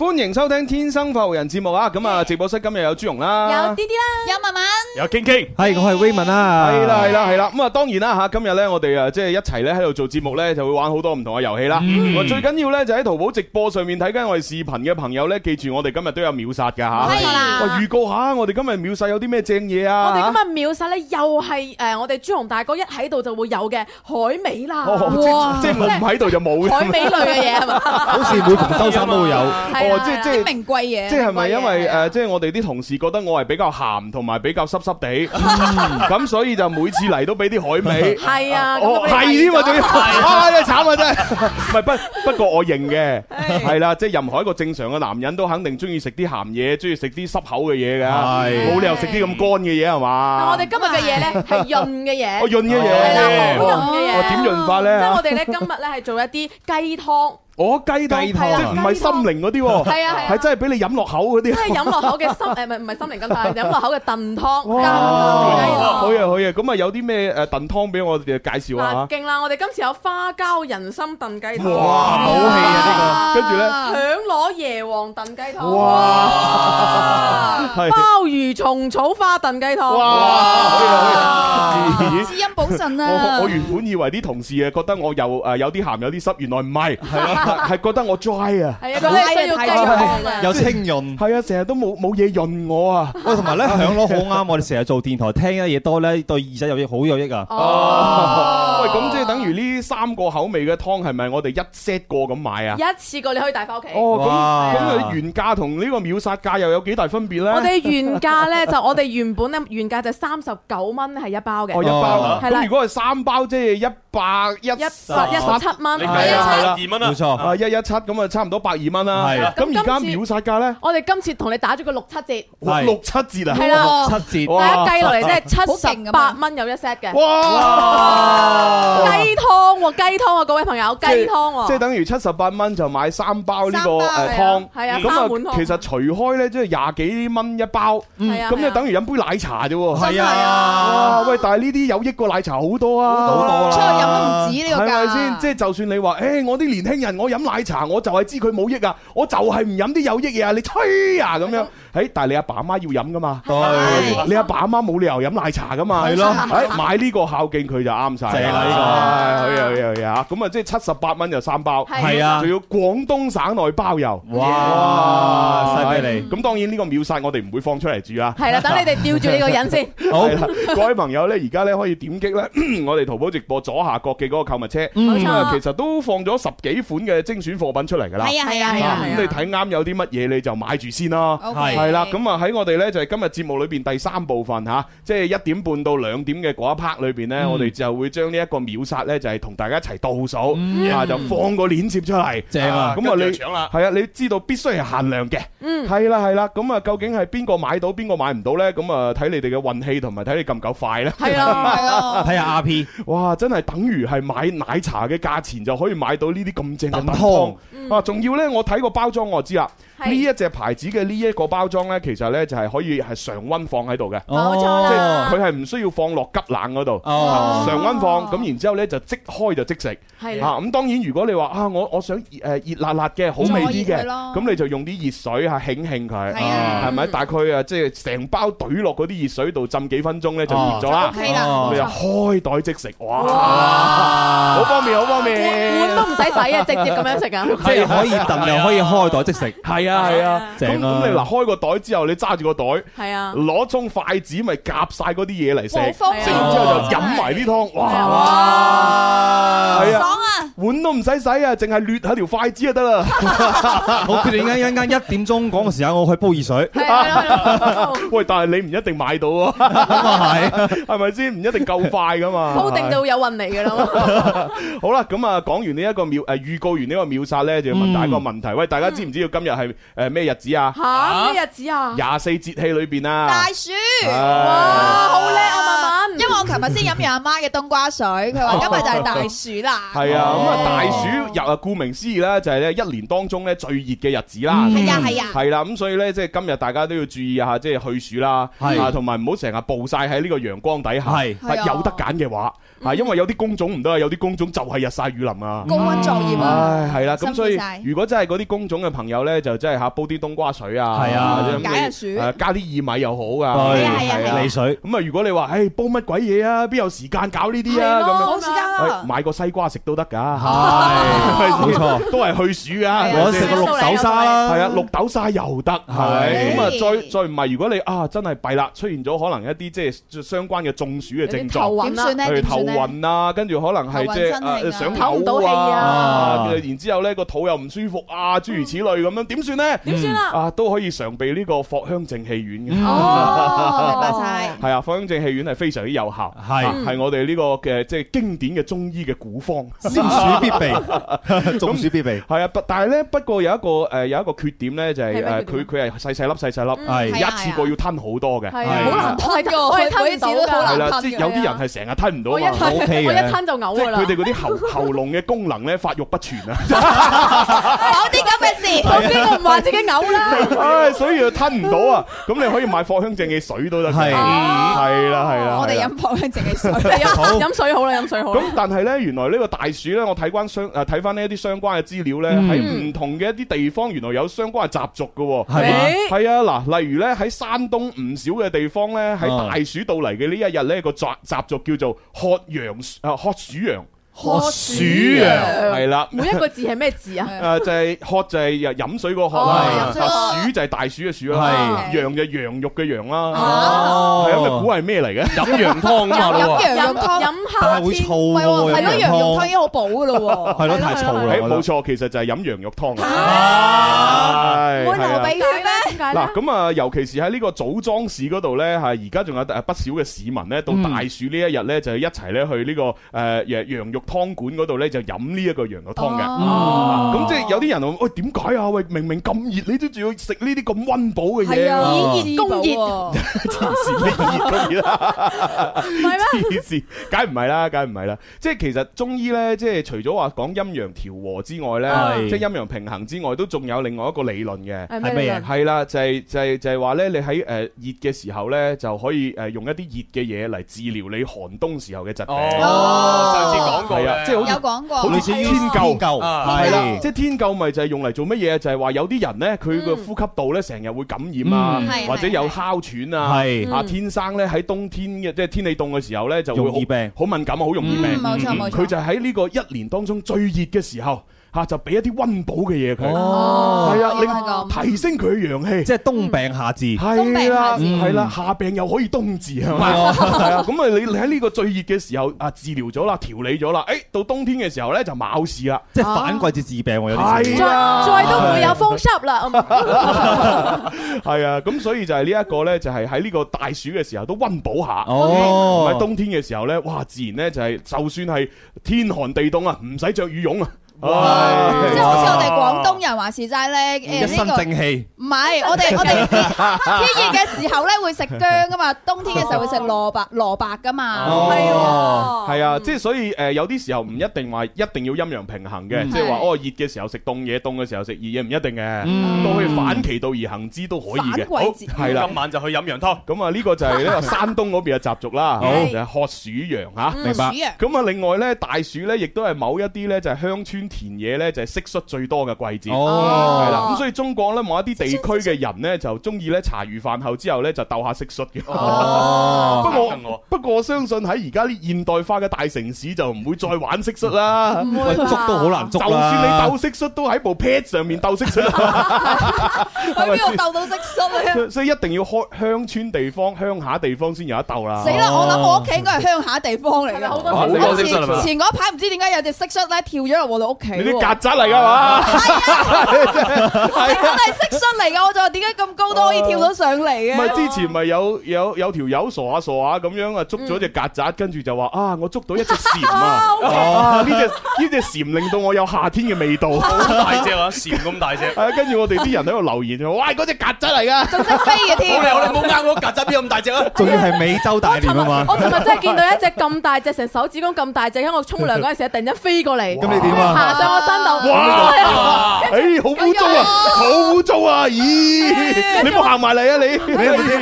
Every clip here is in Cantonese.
歡迎收聽天生富人節目啊！咁啊，直播室今日有朱容啦，有啲啲、hey, 啊、啦，有文文，有 Kin Kin，係我係 Wayman 啦，係啦係啦係啦！咁啊、嗯，當然啦吓，今日咧我哋啊即係一齊咧喺度做節目咧，就會玩好多唔同嘅遊戲啦。嗯、最緊要咧就喺淘寶直播上面睇緊我哋視頻嘅朋友咧，記住我哋今日都有秒殺嘅吓。係啦，啊、喂預告下，我哋今日秒殺有啲咩正嘢啊？我哋今日秒殺咧、啊、又係誒，我哋朱容大哥一喺度就會有嘅海味啦，哦、哇！即係唔喺度就冇嘅海味類嘅嘢係嘛？好似每堂周三都會有。嗯啊哦即係即係名貴嘢，即係係咪因為誒？即係我哋啲同事覺得我係比較鹹同埋比較濕濕地，咁所以就每次嚟都俾啲海味。係啊，係添啊，仲要啊，真係慘啊，真係。唔係，不不過我認嘅，係啦，即係任何一個正常嘅男人都肯定中意食啲鹹嘢，中意食啲濕口嘅嘢㗎，冇理由食啲咁乾嘅嘢係嘛？我哋今日嘅嘢咧係潤嘅嘢，潤嘅嘢，係啦，好潤嘅嘢。點潤法咧？即係我哋咧今日咧係做一啲雞湯。我雞湯即係唔係心靈嗰啲喎，係真係俾你飲落口嗰啲。即係飲落口嘅心誒，唔係唔係心靈咁大，飲落口嘅燉湯。好嘅，好嘅，咁啊有啲咩誒燉湯俾我哋介紹下？勁啦！我哋今次有花膠人參燉雞湯。哇！好氣啊！呢個跟住咧，響螺椰皇燉雞湯。哇！鮑魚蟲草花燉雞湯。哇！滋陰補腎啊！我我原本以為啲同事啊覺得我又誒有啲鹹有啲濕，原來唔係。係 覺得我 dry 啊，啊。有清潤，係啊，成日都冇冇嘢潤我啊。喂， 同埋咧，響攞好啱，我哋成日做電台聽咧嘢多咧，對耳仔有益，好有益啊。喂、哦，咁、哦哦、即係等於呢三個口味嘅湯，係咪我哋一 set 過咁買啊？一次過你可以帶翻屋企。哦，咁咁，原價同呢個秒殺價又有幾大分別咧？我哋原價咧就我哋原本咧原價就三十九蚊係一包嘅。哦，一、哦、包。咁如果係三包即係一百一十一十七蚊，一百二蚊啊，冇錯。啊一一七咁啊，117, 就差唔多百二蚊啦。咁而家秒殺價咧？我哋今次同你打咗個六七折。六七折啊！係啊，六七折、啊、計落嚟即係七十八蚊有一 set 嘅。哇！雞湯喎，雞湯啊，各位朋友，雞湯喎！即係、就是、等於七十八蚊就買三包呢個湯。啊。咁啊，啊，啊，其實除開咧，即係廿幾蚊一包。啊。咁、嗯啊、就等於飲杯奶茶啫喎。啊，啊。喂，但係呢啲有益過奶茶好多啊，好多啦、啊。出去飲都唔止呢個價。先？即係就算你話、欸，我啲年輕人。我飲奶茶，我就係知佢冇益啊！我就係唔飲啲有益嘢啊！你吹啊咁樣。喺但係你阿爸阿媽要飲噶嘛？對，你阿爸阿媽冇理由飲奶茶噶嘛？係咯，喺買呢個孝敬佢就啱晒。就係呢個，好啊好啊好啊吓咁啊，即係七十八蚊就三包，係啊，仲要廣東省內包郵。哇，犀利！咁當然呢個秒殺我哋唔會放出嚟住啊。係啦，等你哋吊住你個人先。好，各位朋友咧，而家咧可以點擊咧我哋淘寶直播左下角嘅嗰個購物車。冇錯，其實都放咗十幾款嘅精選貨品出嚟噶啦。係啊係啊係啊，咁你睇啱有啲乜嘢你就買住先啦。係。係啦，咁啊喺我哋呢就係、是、今日節目裏邊第三部分吓，即係一點半到兩點嘅嗰一 part 裏邊呢、嗯，我哋就會將呢一個秒殺呢，就係、是、同大家一齊倒數、嗯，啊就放個鏈接出嚟，正啊！咁啊，啊你係啊，你知道必須係限量嘅，係啦係啦。咁啊究竟係邊個買到邊個買唔到呢？咁啊睇你哋嘅運氣同埋睇你夠唔夠快呢。係啊係啊，睇下 R P，哇真係等於係買奶茶嘅價錢就可以買到呢啲咁正嘅湯、嗯、啊！仲要呢，我睇個包裝我知啦，呢一隻牌子嘅呢一個包。裝咧其實咧就係可以係常溫放喺度嘅，即係佢係唔需要放落急冷嗰度，常溫放咁，然之後咧就即開就即食。係啊，咁當然如果你話啊，我我想誒熱辣辣嘅好味啲嘅，咁你就用啲熱水嚇興興佢，係咪？大概啊，即係成包懟落嗰啲熱水度浸幾分鐘咧就熱咗啦。咁你就開袋即食，哇！好方便，好方便，碗都唔使洗啊，直接咁樣食啊！即係可以燉又可以開袋即食，係啊係啊，正啊！咁你嗱開個。袋之後，你揸住個袋。係啊，攞葱筷子咪夾晒嗰啲嘢嚟食，食完之後就飲埋啲湯，哇，哇哇哇哇爽啊！碗都唔使洗啊，淨係掠下條筷子就 得啦。我見你啱啱一點鐘講嘅時間，我去煲熱水、啊。喂，但係你唔一定買到，啊係，係咪先？唔一定夠快噶嘛。煲定到有運嚟噶啦。 好啦，咁啊，講完呢一個秒誒，預告完呢個秒殺咧，就要問大家一個問題、嗯。喂，大家知唔知道今日係誒咩日子啊？吓、啊，廿四節氣裏邊啊，大暑、啊、哇，好叻啊慢慢！因為我琴日先飲完阿媽嘅冬瓜水，佢 話今日就係大暑啦。係、哦、啊，咁、哦、啊大暑入啊，顧名思義咧，就係、是、咧一年當中咧最熱嘅日子啦。係啊係啊，係啦、啊，咁、啊啊啊啊、所以咧，即係今日大家都要注意下，即、就、係、是、去暑啦，啊，同埋唔好成日暴晒喺呢個陽光底下。係、啊啊啊、有得揀嘅話啊、嗯，因為有啲工種唔得啊，有啲工種就係日曬雨淋啊。高溫作業啊，係、嗯、啦，咁、哎啊、所以如果真係嗰啲工種嘅朋友咧，就真係嚇煲啲冬瓜水啊。係啊。解下暑啊！加啲薏米又好噶，係啊，啊，利水。咁啊，如果你話，唉、欸，煲乜鬼嘢啊？邊有時間搞呢啲啊？咁冇、啊、時間啊！買個西瓜食都得噶，係冇錯，都係去暑啊！我食個綠豆沙啦，係啊，綠豆沙又得。係咁啊，啊，啊，啊，啊，再再唔係，如果你啊真係弊啦，出現咗可能一啲即係相關嘅中暑嘅症狀，點算咧、啊？譬如頭暈啦、啊啊啊啊，跟住可能係即係想嘔啊，啊，啊，然之後咧個肚又唔舒服啊，諸如此類咁樣，點算咧？點算啊？啊，都可以常備。呢個藿香正氣丸嘅，明白曬。係 啊，藿香正氣丸係非常之有效，係係我哋呢、呢個嘅即係經典嘅中醫嘅古方，先、嗯、暑 必備，中 暑那 必備。係啊，但係咧不過有一個誒、呃、有一個缺點咧就係誒佢佢係細細粒細細粒，係、嗯啊、一次過要吞好多嘅，係好難吞㗎，我係吞唔到嘅，係啦、啊，有啲人係成日吞唔到嘛，我一吞、OK、我一吞就嘔，佢哋嗰啲喉 喉嚨嘅功能咧發育不全啊。有啲咁嘅。啊、都我驚我唔話自己嘔啦，唉、啊啊啊，所以又吞唔到啊！咁你可以買藿香正氣水都得，係係啦係啦，我哋飲藿香正氣水，飲飲、啊啊啊、水好啦，飲水好。咁但係咧，原來呢個大暑咧，我睇翻相，誒睇翻呢一啲相關嘅資料咧，喺、嗯、唔同嘅一啲地方，原來有相關嘅習俗嘅，係係啊嗱、啊，例如咧喺山東唔少嘅地方咧，喺大暑到嚟嘅呢一日咧，個習習俗叫做喝羊啊喝鼠羊。喝暑啊，係啦，每一個字係咩字 啊？誒就係、是、喝就係飲水個喝啦，鼠、哦啊、就係大暑嘅暑啦，羊就係羊肉嘅羊啦。哦，係啊，咩估係咩嚟嘅？飲羊肉湯， 湯啊！飲羊肉湯飲夏天，唔係喎，係咯，羊肉湯已經好補嘅咯喎。係 咯，太燥冇錯， 其實就係飲羊肉湯啊。哎、會流鼻涕咩？嗱咁啊，尤其是喺呢個棗莊市嗰度咧，係而家仲有不少嘅市民咧、嗯，到大暑呢一日咧，就一齊咧去呢、這個誒羊、呃、羊肉。湯館嗰度咧就飲呢一個羊肉湯嘅，咁即係有啲人話：喂點解啊？喂明明咁熱，你都仲要食呢啲咁溫補嘅嘢？熱㗎，冬熱。天時熱㗎啦，係咩意思？梗唔係啦，梗唔係啦。即係其實中醫咧，即係除咗話講陰陽調和之外咧，即係陰陽平衡之外，都仲有另外一個理論嘅，係咩嘢？係啦，就係就係就係話咧，你喺誒熱嘅時候咧，就可以誒用一啲熱嘅嘢嚟治療你寒冬時候嘅疾病。哦，上次講。係啊，即係好似有講過好似天灸，係啦，即係天灸咪就係用嚟做乜嘢？就係話有啲人咧，佢個呼吸道咧成日會感染啊，或者有哮喘啊，啊天生咧喺冬天嘅即係天氣凍嘅時候咧就會易病，好敏感，好容易病。冇錯冇錯，佢就喺呢個一年當中最熱嘅時候。吓就俾一啲溫補嘅嘢佢，係啊，你提升佢嘅陽氣，即係冬病夏治，係啦，係啦，夏病又可以冬治，係咪？係啊，咁啊，你你喺呢個最熱嘅時候啊治療咗啦，調理咗啦，誒，到冬天嘅時候咧就冇事啦，即係反季節治病，我有啲係再都唔會有風濕啦。係啊，咁所以就係呢一個咧，就係喺呢個大暑嘅時候都溫補下，哦，喺冬天嘅時候咧，哇，自然咧就係就算係天寒地凍啊，唔使着羽絨啊。哦，即係好似我哋廣東人話事齋咧，誒呢個正氣唔係我哋我哋天熱嘅時候咧會食姜噶嘛，冬天嘅時候會食蘿蔔蘿蔔噶嘛，係啊，係啊，即係所以誒有啲時候唔一定話一定要陰陽平衡嘅，即係話哦熱嘅時候食凍嘢，凍嘅時候食熱嘢唔一定嘅，都可以反其道而行之都可以嘅，好係啦，今晚就去飲羊湯，咁啊呢個就係呢個山東嗰邊嘅習俗啦，就係喝暑羊吓，明白？咁啊另外咧大暑咧亦都係某一啲咧就係鄉村。田野咧就係蟋蟀最多嘅季節，係、哦、啦。咁所以中國咧某一啲地區嘅人咧就中意咧茶餘飯後之後咧就鬥下蟋蟀嘅。哦、 不過不過我相信喺而家啲現代化嘅大城市就唔會再玩蟋蟀啦，捉都好難捉啦。就算你鬥蟋蟀都喺部 pet 上面鬥蟋蟀， 去邊度鬥到蟋蟀啊？所以一定要開鄉村地方、鄉下地方先有一鬥啦。死、哦、啦！我諗我屋企應該係鄉下地方嚟㗎，好多、啊、蟋蟀蟋蟀前蟋蟀蟋蟀前，嗰排唔知點解有隻蟋蟀咧跳咗入我哋屋。你啲曱甴嚟噶嘛？係 啊、哎呀， 我係蟋蟀嚟噶，我就話點解咁高都可以跳到上嚟嘅？唔、哦、係之前咪有有有條友傻下傻下咁樣啊，捉咗隻曱甴，跟住就話啊，我捉到一隻蟬啊！呢隻呢隻蟬令到我有夏天嘅味道，好 大隻啊！蟬咁大隻，跟 住我哋啲人喺度留言啊，哇！嗰隻曱甴嚟噶，仲識飛嘅、啊、添！好你、啊，你冇啱我曱甴邊咁大隻啊！仲要係美洲大蠊啊！我尋日真係見到一隻咁大隻，成手指公咁大隻，喺我沖涼嗰陣時候突然間飛過嚟。咁你點啊？上我身度，哇！哎，好污糟啊，好污糟啊！咦，你冇行埋嚟啊你？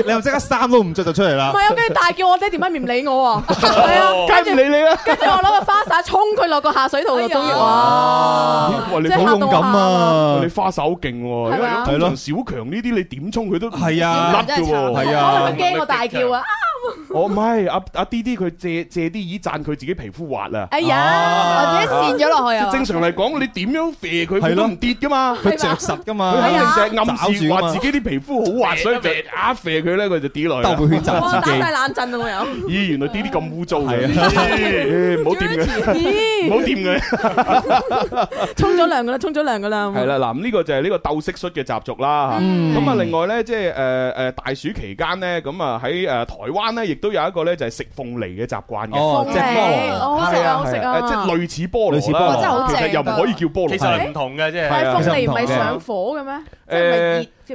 你又即刻衫都唔着就出嚟啦？唔係啊，跟住大叫我爹哋，點解唔理我？係啊，梗係唔理你啦。跟住我攞個花灑沖佢落個下水道度。哇！哇，你好勇敢啊！你花灑好勁喎，係咯，小強呢啲你點沖佢都係啊甩嘅，係啊，驚我大叫啊！我唔係阿阿 D D，佢借借啲耳讚佢自己皮膚滑啦。哎呀，我或者扇咗落去啊！正常嚟講，你點樣肥佢，佢都唔跌噶嘛，佢着實噶嘛。佢肯定只暗示話自己啲皮膚好滑，所以射啊肥佢咧，佢就跌落去。鬥氣，打晒冷震啦我又。咦，原來 D D 咁污糟嘅。唔好掂佢，唔好掂佢。沖咗涼噶啦，沖咗涼噶啦。係啦，嗱、 啊，呢、這個就係呢個鬥蟋蟀嘅習俗啦。咁、嗯、啊，另外咧，即係誒誒，大暑期間咧，咁啊喺誒台灣。亦都有一個咧就係食鳳梨嘅習慣嘅，即係類似菠蘿啦，其實又唔可以叫菠蘿，其實唔同嘅，即係。但係鳳梨唔係上火嘅咩？即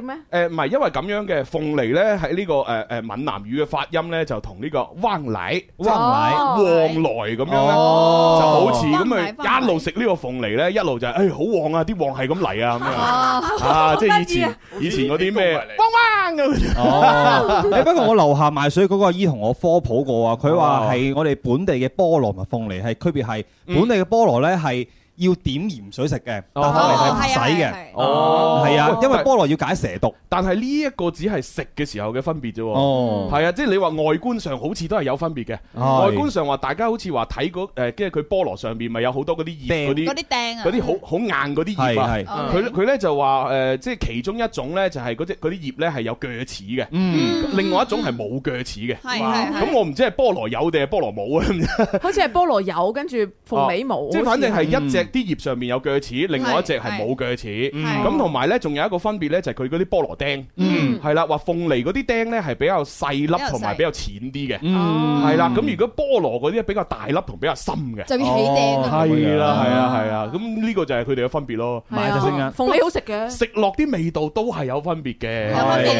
誒，唔係，因為咁樣嘅鳳梨咧，喺呢個誒誒閩南語嘅發音咧、這個，就同呢個黃奶旺奶旺來咁樣咧，就好似咁啊一路食呢個鳳梨咧，一路就係誒好旺啊，啲旺係咁嚟啊咁啊，啊,啊即係以前、啊、以前嗰啲咩汪汪誒，不過、哦、 我樓下賣水嗰個阿姨同我科普過啊，佢話係我哋本地嘅菠蘿同鳳梨係區別係本地嘅菠蘿咧係。要點鹽水食嘅，但係嚟睇唔使嘅，哦，係、哦啊，啊，啊，哦、啊，因為菠蘿要解蛇毒，但係呢一個只係食嘅時候嘅分別啫，哦、嗯，係啊，即、就、係、是、你話外觀上好似都係有分別嘅、嗯，外觀上話大家好似話睇嗰誒，即係佢菠蘿上邊咪有很多、啊、好多嗰啲葉嗰啲，嗰啲釘嗰啲好好硬嗰啲葉佢佢咧就話誒，即、呃、係其中一種咧就係嗰隻嗰啲葉咧係有鋸齒嘅，另外一種係冇鋸齒嘅，咁、嗯、我唔知係菠蘿有定係菠蘿冇 啊，好似係菠蘿有跟住鳳尾毛。即係反正係一隻、嗯。啲葉上面有鋸齒，另外一隻係冇鋸齒，咁同埋咧，仲有一個分別咧，就係佢嗰啲菠蘿釘，係、mm, 啦，話鳳梨嗰啲釘咧係比較細粒同埋比，比較淺啲嘅，係、mm, 啦，咁如果菠蘿嗰啲比較大粒同比較深嘅，就要起釘啦，係、哦啊、啦，係啊，係啊，咁呢個就係佢哋嘅分別咯。買鳳梨好食嘅，食落啲味道都係有分別嘅，有分別啲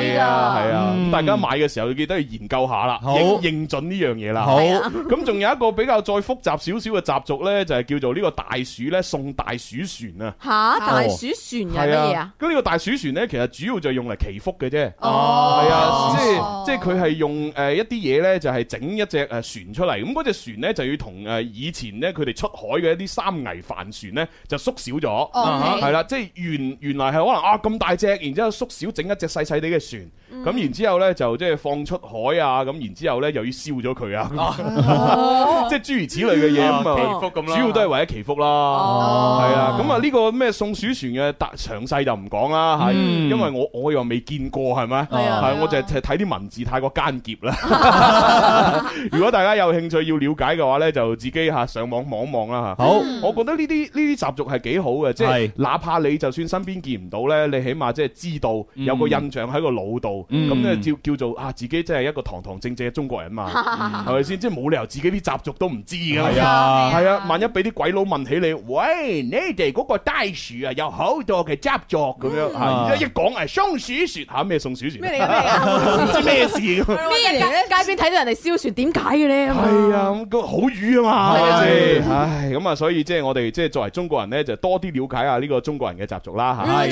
甜係啊，大家買嘅時候要記得要研究下啦，認認準呢樣嘢啦。好，咁仲有一個比較再複雜少少嘅習俗咧，就係叫做呢個大暑咧，送大暑船啊！吓，大暑船又乜嘢啊？咁呢個大暑船咧，其實主要就係用嚟祈福嘅啫。哦，係啊，哦、即係即係佢係用誒、呃、一啲嘢咧，就係、是、整一隻誒船出嚟。咁嗰隻船咧，就要同誒、呃、以前咧佢哋出海嘅一啲三桅帆船咧，就縮小咗。係、哦、啦、啊 okay? 啊，即係原原來係可能啊咁大隻，然之後縮小整一隻細細啲嘅船。咁然之後咧，就即係放出海啊！咁然之後咧，又要燒咗佢啊！即係諸如此類嘅嘢咁啊，祈福咁啦，主要都係為咗祈福啦，係啊！咁啊，呢個咩送鼠船嘅大詳細就唔講啦嚇，因為我我又未見過係咪？係我就係睇啲文字太過間諜啦。如果大家有興趣要了解嘅話咧，就自己嚇上網望一望啦嚇。好，我覺得呢啲呢啲習俗係幾好嘅，即係哪怕你就算身邊見唔到咧，你起碼即係知道有個印象喺個腦度。咁咧叫叫做啊，自己真係一個堂堂正正嘅中國人嘛，係咪先？即係冇理由自己啲習俗都唔知噶，係啊，係啊。啊、萬一俾啲鬼佬問起你，喂，你哋嗰個大暑啊，有好多嘅習俗咁樣，嗯、啊、一講係松鼠樹吓咩宋鼠樹？咩嚟噶？咩事？咩嚟噶？街邊睇到人哋燒船，點解嘅咧？係啊，咁好語啊嘛，係，唉，咁啊，所以即係我哋即係作為中國人咧，就多啲了解一下呢個中國人嘅習俗啦，係。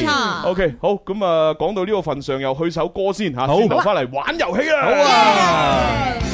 O K，好，咁、嗯、啊，講到呢個份上，又去首歌。先嚇，先頭翻嚟玩遊戲啊，好啊。好啊好啊。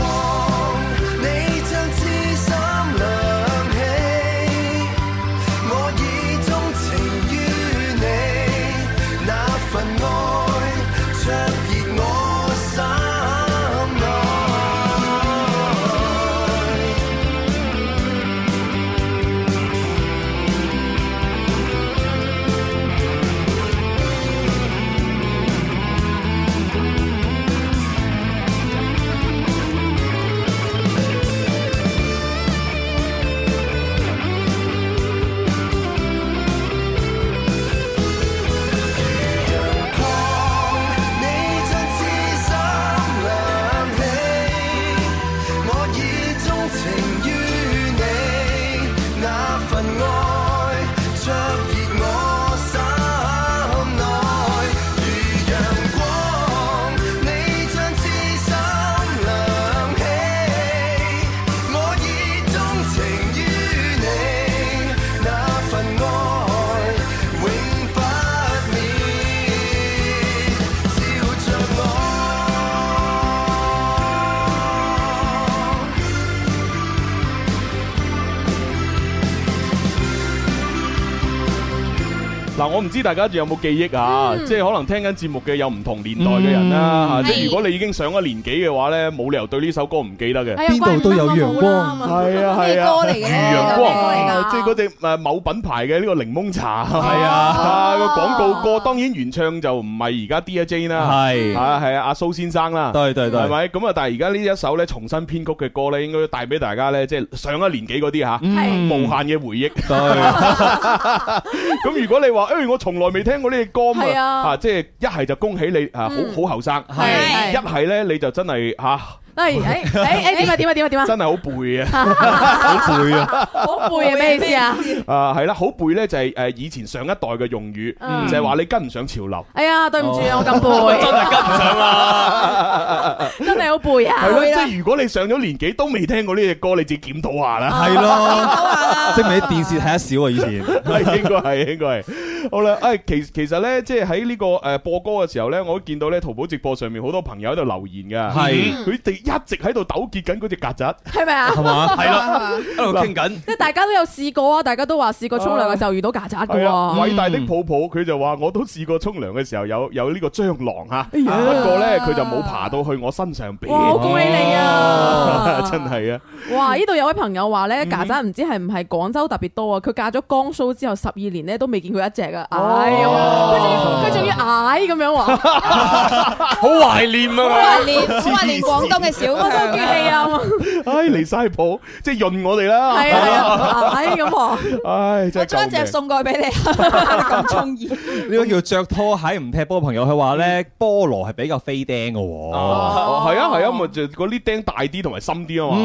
我唔知大家仲有冇記憶啊！即係可能聽緊節目嘅有唔同年代嘅人啦。即係如果你已經上咗年紀嘅話咧，冇理由對呢首歌唔記得嘅。邊度都有陽光，係啊係啊，陽光嚟嘅。即係嗰隻誒某品牌嘅呢個檸檬茶，係啊個廣告歌。當然原唱就唔係而家 Dear Jane 啦，係係啊阿蘇先生啦，對對對，係咪？咁啊，但係而家呢一首咧重新編曲嘅歌咧，應該帶俾大家咧，即係上咗年紀嗰啲嚇，無限嘅回憶。咁如果你話誒？因為我從來未聽過呢啲歌、嗯、啊,是啊,啊！即係一係就恭喜你啊，好好後生。係一係咧，你就真係吓。啊哎哎哎！點啊點啊點啊點啊！真係好背啊，好背啊，好背啊！咩意思啊？啊，係啦，好背咧就係誒以前上一代嘅用語，就係話你跟唔上潮流。哎呀，對唔住啊，我咁背，真係跟唔上啦，真係好背啊！係咯，即係如果你上咗年紀都未聽過呢隻歌，你自己檢討下啦。係咯，證明電視睇得少啊，以前咪應該係應該係。好啦，誒其其實咧，即係喺呢個誒播歌嘅時候咧，我都見到咧淘寶直播上面好多朋友喺度留言噶，係佢哋。一直喺度糾結緊嗰隻曱甴，係咪啊？係 嘛對了？係 啦，一路傾緊。即係大家都有試過啊！大家都話試過沖涼嘅時候遇到曱甴嘅。偉大的泡泡佢就話：我都試過沖涼嘅時候有有呢個蟑螂嚇，不過咧佢就冇爬到去我身上邊。好鬼你啊！真係啊！哇！呢度、啊、有位朋友話咧曱甴唔知係唔係廣州特別多啊？佢嫁咗江蘇之後十二年咧都未見佢一隻、哎、啊！哎，佢仲要矮咁樣喎 ，好懷念啊！好懷念，好懷念廣東嘅。小嗰機器啊音、 啊啊，唉嚟晒譜，即係潤我哋啦。係啊，係咁啊，我將隻送過去俾你。咁中意呢個叫着拖鞋唔踢波嘅朋友，佢話咧菠蘿係比較飛釘嘅喎。係啊係啊，咪就嗰啲釘大啲同埋深啲啊嘛。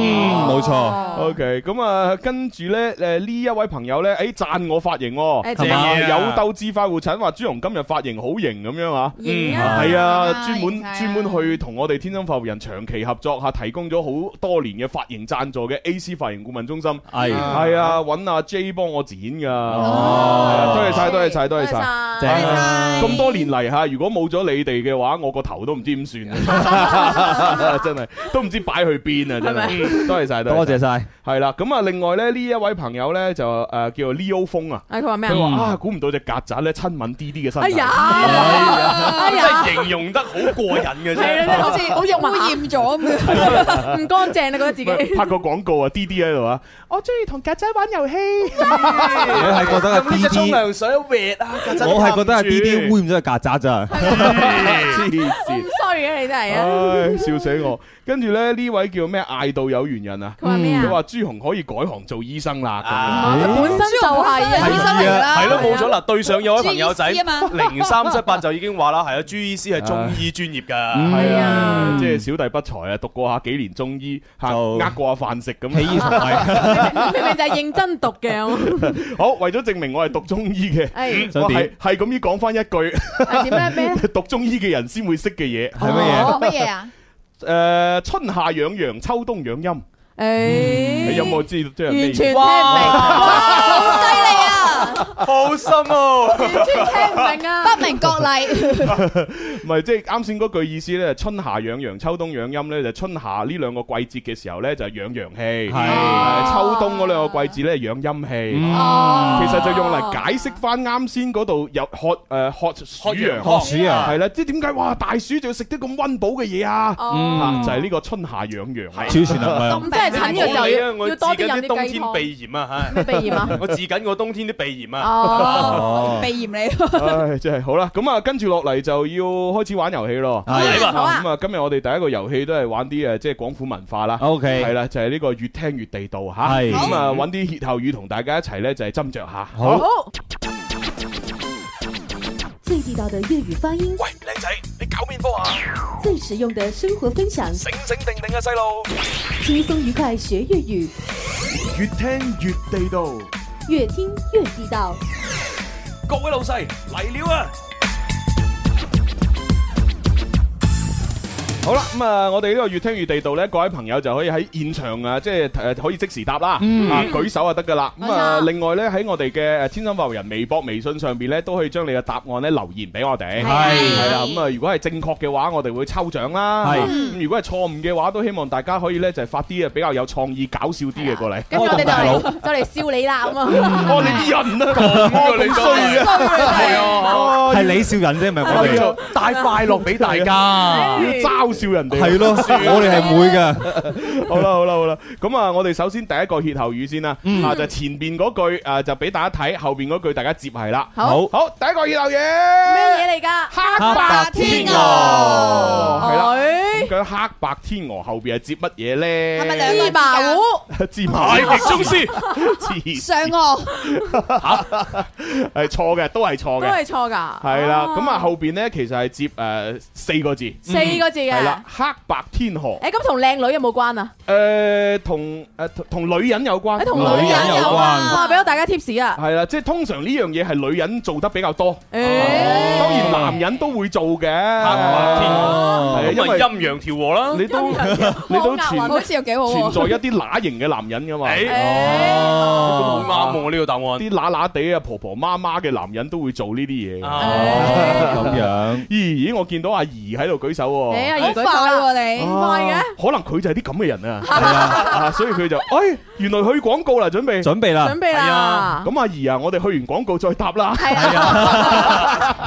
冇、嗯、錯。哦、OK，咁、嗯、啊，跟住咧，誒呢一位朋友咧，誒讚我髮型、哦，謝、啊、有鬥智發護診話朱紅今日髮型好型咁樣啊，嗯，啊，係啊，專門專門去同我哋天生發護人長期合。作下提供咗好多年嘅髮型贊助嘅 A.C. 髮型顧問中心係，係啊，揾阿、啊、J 幫我剪噶、哦啊，多謝晒，多謝晒，多謝晒，咁多、多、多、多年嚟吓，如果冇咗你哋嘅話，我個頭都唔知點算啊！真係都唔知擺去邊啊！真係，多謝晒，多謝晒，係啦。咁啊，另外咧呢一位朋友咧就誒叫做 Leo 峰、嗯、啊，佢話咩佢話啊，估唔到隻曱甴咧，親吻啲啲嘅身，哎呀哎、呀真係形容得好過癮嘅，真係好似好又污染咗。 唔乾淨，你覺得自己、啊、拍個廣告啊 ，D D 喺度啊，我中意同曱甴玩遊戲，係 覺得啊，D D 沖涼水滅啊，我係覺得啊，D D 污染咗個曱仔咋，黐線衰嘅，你真係、啊 哎，笑死我。跟住咧，呢位叫咩嗌到有緣人啊？佢話咩？佢話朱紅可以改行做醫生啦，啊、本身就係醫生嚟啦，係咯冇咗啦。對上有位朋友仔零三七八就已經話啦，係啊朱醫師係中醫專業噶，係、嗯、啊即係、嗯就是、小弟不才啊，讀過下幾年中醫就呃過下飯食咁。你意思係 明，明明就係認真讀嘅， 好為咗證明我係讀中醫嘅、欸，我係係咁樣講翻一句，點咩咩讀中醫嘅人先會識嘅嘢係乜嘢乜嘢啊？ 誒、呃、春夏養陽，秋冬養陰。誒、嗯，你有冇知道？即係完全聽唔明。好深哦，完全聽唔明啊！ 不啊 明覺厲，唔係即係啱先嗰句意思咧，春夏養陽，秋冬養陰咧，就是、春夏呢兩個季節嘅時候咧，就係養陽氣；係、哦嗯哦、秋冬嗰兩個季節咧，養陰氣。其實就用嚟解釋翻啱先嗰度入學誒學學陽鼠啊，係、哦、啦，即係點解哇大暑就要食啲咁溫補嘅嘢啊？嗯，就係、是、呢個春夏養陽，係、啊，咁即係蠢嘅， 是啊是啊是啊、就，是就要要多啲冬天鼻炎啊吓，咩鼻炎啊？我治緊個冬天啲鼻炎。哦，未、哦、嫌你，即、哎、係、就是、好啦。咁、嗯、啊，跟住落嚟就要開始玩遊戲咯。嗯、好咁啊，今日我哋第一個遊戲都係玩啲誒，即係廣府文化啦。OK，係啦，就係、是、呢個越聽越地道吓。咁啊，揾啲歇後語同大家一齊咧，就係、是、斟酌下！好，好，好，最地道嘅粵語發音。喂，靚仔，你搞面科啊？最實用嘅生活分享。醒醒定定啊，細路！輕鬆愉快學粵語，越聽越地道。 越聽越地道，各位老細，嚟料啊！好啦，咁啊，我哋呢個越聽越地道咧，各位朋友就可以喺現場啊，即係誒可以即時答啦，啊舉手就得噶啦。咁啊，另外咧喺我哋嘅誒天生發福人微博、微信上邊咧，都可以將你嘅答案咧留言俾我哋。係係啊，咁啊，如果係正確嘅話，我哋會抽獎啦。係，咁如果係錯誤嘅話，都希望大家可以咧就係發啲啊比較有創意、搞笑啲嘅過嚟。我哋大佬就嚟笑你啦，咁啊，我哋啲人啊，我哋衰啊，係啊，係你笑人啫，唔係我哋做，帶快樂俾大家，包。笑人哋係咯，我哋係唔會嘅 好啦，好啦，好啦。咁啊，我哋首先第一個歇後語先啦，嗯，啊就前邊嗰句啊、呃、就俾大家睇，後邊嗰句大家接係啦。好，好，第一個歇後語咩嘢嚟？噶？黑白天鵝係啦。咁黑白天鵝，哦、後邊係接乜嘢咧？係咪兩葉茅？字 謎不是， 宗 經病 上顎學。上係錯嘅，都係錯嘅，都係錯噶。係啦，咁啊後邊咧其實係接誒、呃、四個字，四個字嘅。嗯黑白天鵝，誒、欸，咁同靚女有冇關啊？誒、呃，同誒同女人有關，同、欸、女人有關、啊，欸有關啊、我話俾大家 tips 啊。係啦，即、就、係、是、通常呢樣嘢係女人做得比較多，當、欸、然男人都會做嘅，黑白天嘛、欸？因為陰陽調和啦，你都你都存，好有好、啊、存在一啲乸型嘅男人噶嘛？好啱我呢個答案，啲乸乸地啊婆婆媽媽嘅男人都會做呢啲嘢，咁、欸、樣。咦、欸、咦，我見到阿儀喺度舉手喎。欸啊快喎你，唔快嘅，可能佢就係啲咁嘅人啊，係啊，所以佢就，哎，原來去廣告啦，準備，準備啦，準備啦，咁阿姨啊，我哋去完廣告再搭啦，係啊，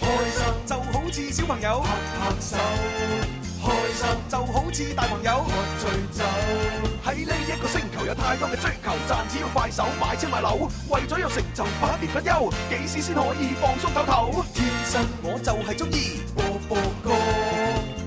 開心就好似小朋友拍拍手，開心就好似大朋友喝醉酒。太多嘅追求，賺錢要快手，買車買樓，為咗有成就，百年不休，幾時先可以放鬆頭頭？天生我就係中意波波哥，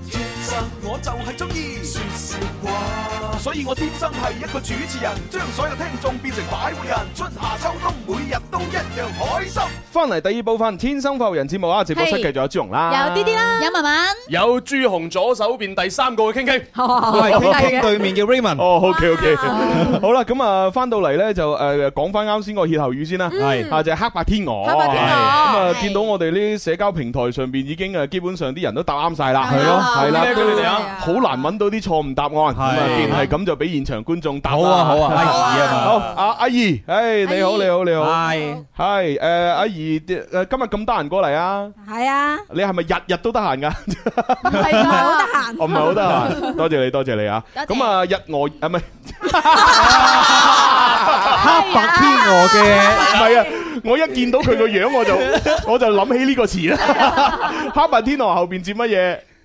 天生。我就係中意說笑話，所以我天生係一個主持人，將所有聽眾變成擺會人。春夏秋冬，每日都一樣開心。翻嚟第二部分《天生擺會人》節目啊，直播室繼續有朱紅啦，有 D D 啦，有文文，有朱紅左手邊第三個傾傾，傾傾對面叫 Raymond。哦，OK OK，好啦，咁啊，翻到嚟咧就誒講翻啱先個歇後語先啦，係啊就係黑白天鵝。黑白天鵝咁啊，見到我哋呢社交平台上邊已經誒基本上啲人都答啱晒啦，係咯，係啦。好難揾到啲錯誤答案，咁變係咁就俾現場觀眾答。好啊，好啊，好啊，好啊。阿阿姨，誒，你好，你好，你好，係係誒，阿姨，誒，今日咁得閒過嚟啊？係啊。你係咪日日都得閒噶？唔係噶，好得閒。我唔係好得閒，多謝你，多謝你啊。咁啊，日鵝啊，唔係黑白天鵝嘅，唔係啊，我一見到佢個樣我就我就諗起呢個詞啦。黑白天鵝後邊接乜嘢？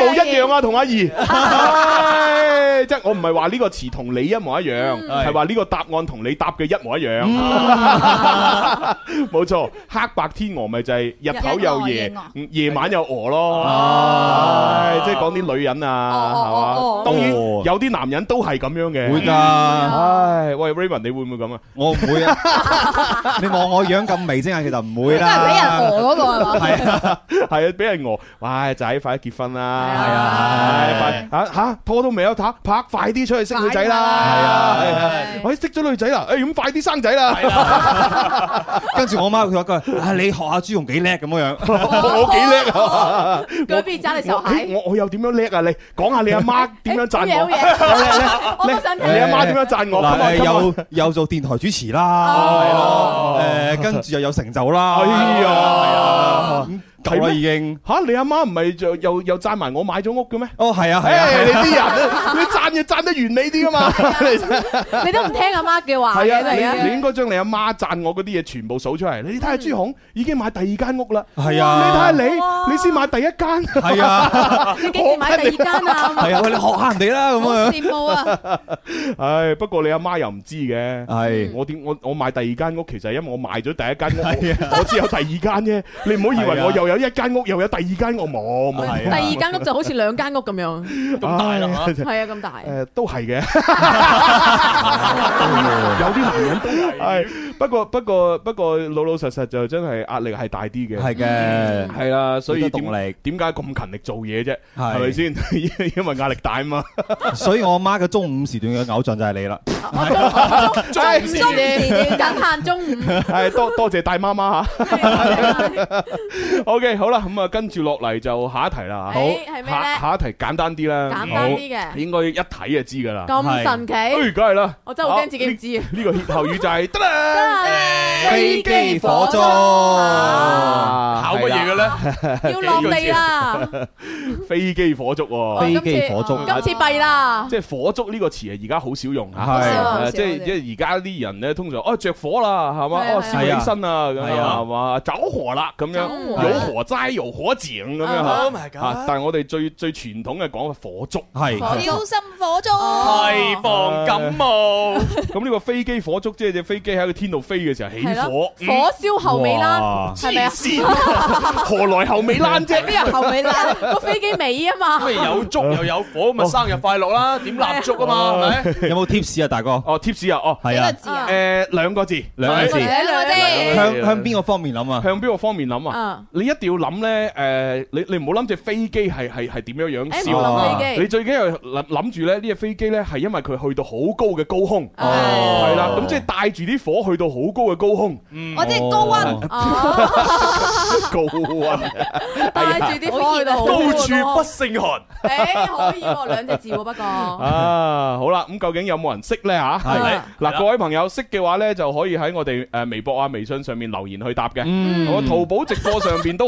冇一樣啊，同阿二，即係我唔係話呢個詞同你一模一樣，係話呢個答案同你答嘅一模一樣，冇錯。黑白天鵝咪就係日頭又夜，夜晚又鵝咯，即係講啲女人啊，係嘛？當然有啲男人都係咁樣嘅，會噶。唉，喂 Raymond，你會唔會咁啊？我唔會啊，你望我樣咁眉精啊，其實唔會啦。即係俾人鵝嗰個係嘛？係啊，係啊，俾人鵝。喂仔，快啲結婚啦！係啊，吓吓、啊啊啊、拖都未有打，拍快啲出去識女仔啦！我、啊啊啊啊啊啊啊、識咗女仔啦，誒咁快啲生仔啦！啊、 跟住我媽佢話，你學下朱容幾叻咁樣樣，我幾叻啊！嗰邊揸你手，我我又點、欸、樣叻啊？你講下你阿媽點樣贊、欸？我都想聽，想聽。你阿媽點樣贊我？咁又又做電台主持啦，誒、啊，跟住又有成就啦。啊係咪已吓、啊、你阿媽唔係就又又讚埋我買咗屋嘅咩？哦，係啊，係啊，啊， 啊，你啲人，你讚就讚得完理啲噶嘛？你都唔聽阿媽嘅話。係啊，你啊你應該將你阿媽讚我嗰啲嘢全部數出嚟、啊。你睇下、嗯、朱紅已經買第二間屋啦，係啊。你睇下你，你先買第一間，係啊。 你幾時買第二間啊？係 啊，你學下人哋啦，咁啊。羨慕啊！ 唉，不過你阿媽又唔知嘅。係、啊、我點我我買第二間屋，其實係因為我買咗第一間、啊，我知有第二間啫。 你唔好以為我又有一間屋又有第二間屋，冇冇第二間屋就好似兩間屋咁樣，咁大咯，係啊，咁大誒、呃，都係嘅， 有啲男人，人都係，不過不過不過老老實實就真係壓力係大啲嘅，係嘅，係啦，所以點嚟點解咁勤力做嘢啫？係咪先？ 因為壓力大啊嘛， 所以我媽嘅中午時段嘅偶像就係你啦，係 中，中， 中，中午時段僅限 中午，係多多謝大媽媽嚇， 是的 O、okay, K，好啦，咁啊，跟住落嚟就下一題啦。好、欸，下一題簡單啲啦，簡單啲嘅，應該一睇就知噶啦。咁神奇？誒、哎，梗係啦，我真係好驚自己唔知、啊。呢 個歇後語就係、是、得、啊啊、啦，飛機火燭，考乜嘢嘅咧？要落地啦，飛機火燭、啊，飛機火燭，今次閉啦、啊啊。即係火燭呢個詞、哦、啊，而家好少用即係即係而家啲人咧，通常哦着、啊、火啦，係嘛、啊，哦燒起身啊，咁啊嘛、啊啊啊，走火啦，咁樣。火災如火止咁樣吓？但係我哋最最傳統嘅講法火燭，係小心火燭，提、哦哎、防感冒。咁、啊、呢個飛機火燭，即係隻飛機喺個天度飛嘅時候起火，嗯、火燒後尾爛，係咪啊，啊？何來後，是是後尾爛啫？係邊個後尾啦？個飛機尾啊嘛。咪有燭又有火，咪、啊、生日快樂啦？點蠟燭啊立燭嘛，係、啊、咪？有冇 tips 啊，大哥？哦，tips 啊，哦，係啊，誒、啊，兩個字，兩個字，向向邊個方面諗啊？向邊個方面諗啊？你一一定要諗咧，誒，你你唔好諗隻飛機係係係點樣樣燒，你最緊要諗諗住咧，呢隻飛機咧係因為佢去到好高嘅高空，係啦，咁即係帶住啲火去到好高嘅高空，哦，即係高温，高温，帶住啲火焰，高處不勝寒，誒，可以，兩隻字，不過，啊，好啦，咁究竟有冇人識咧吓？嗱，各位朋友識嘅話咧，就可以喺我哋誒微博啊、微信上面留言去答嘅，我淘寶直播上邊都。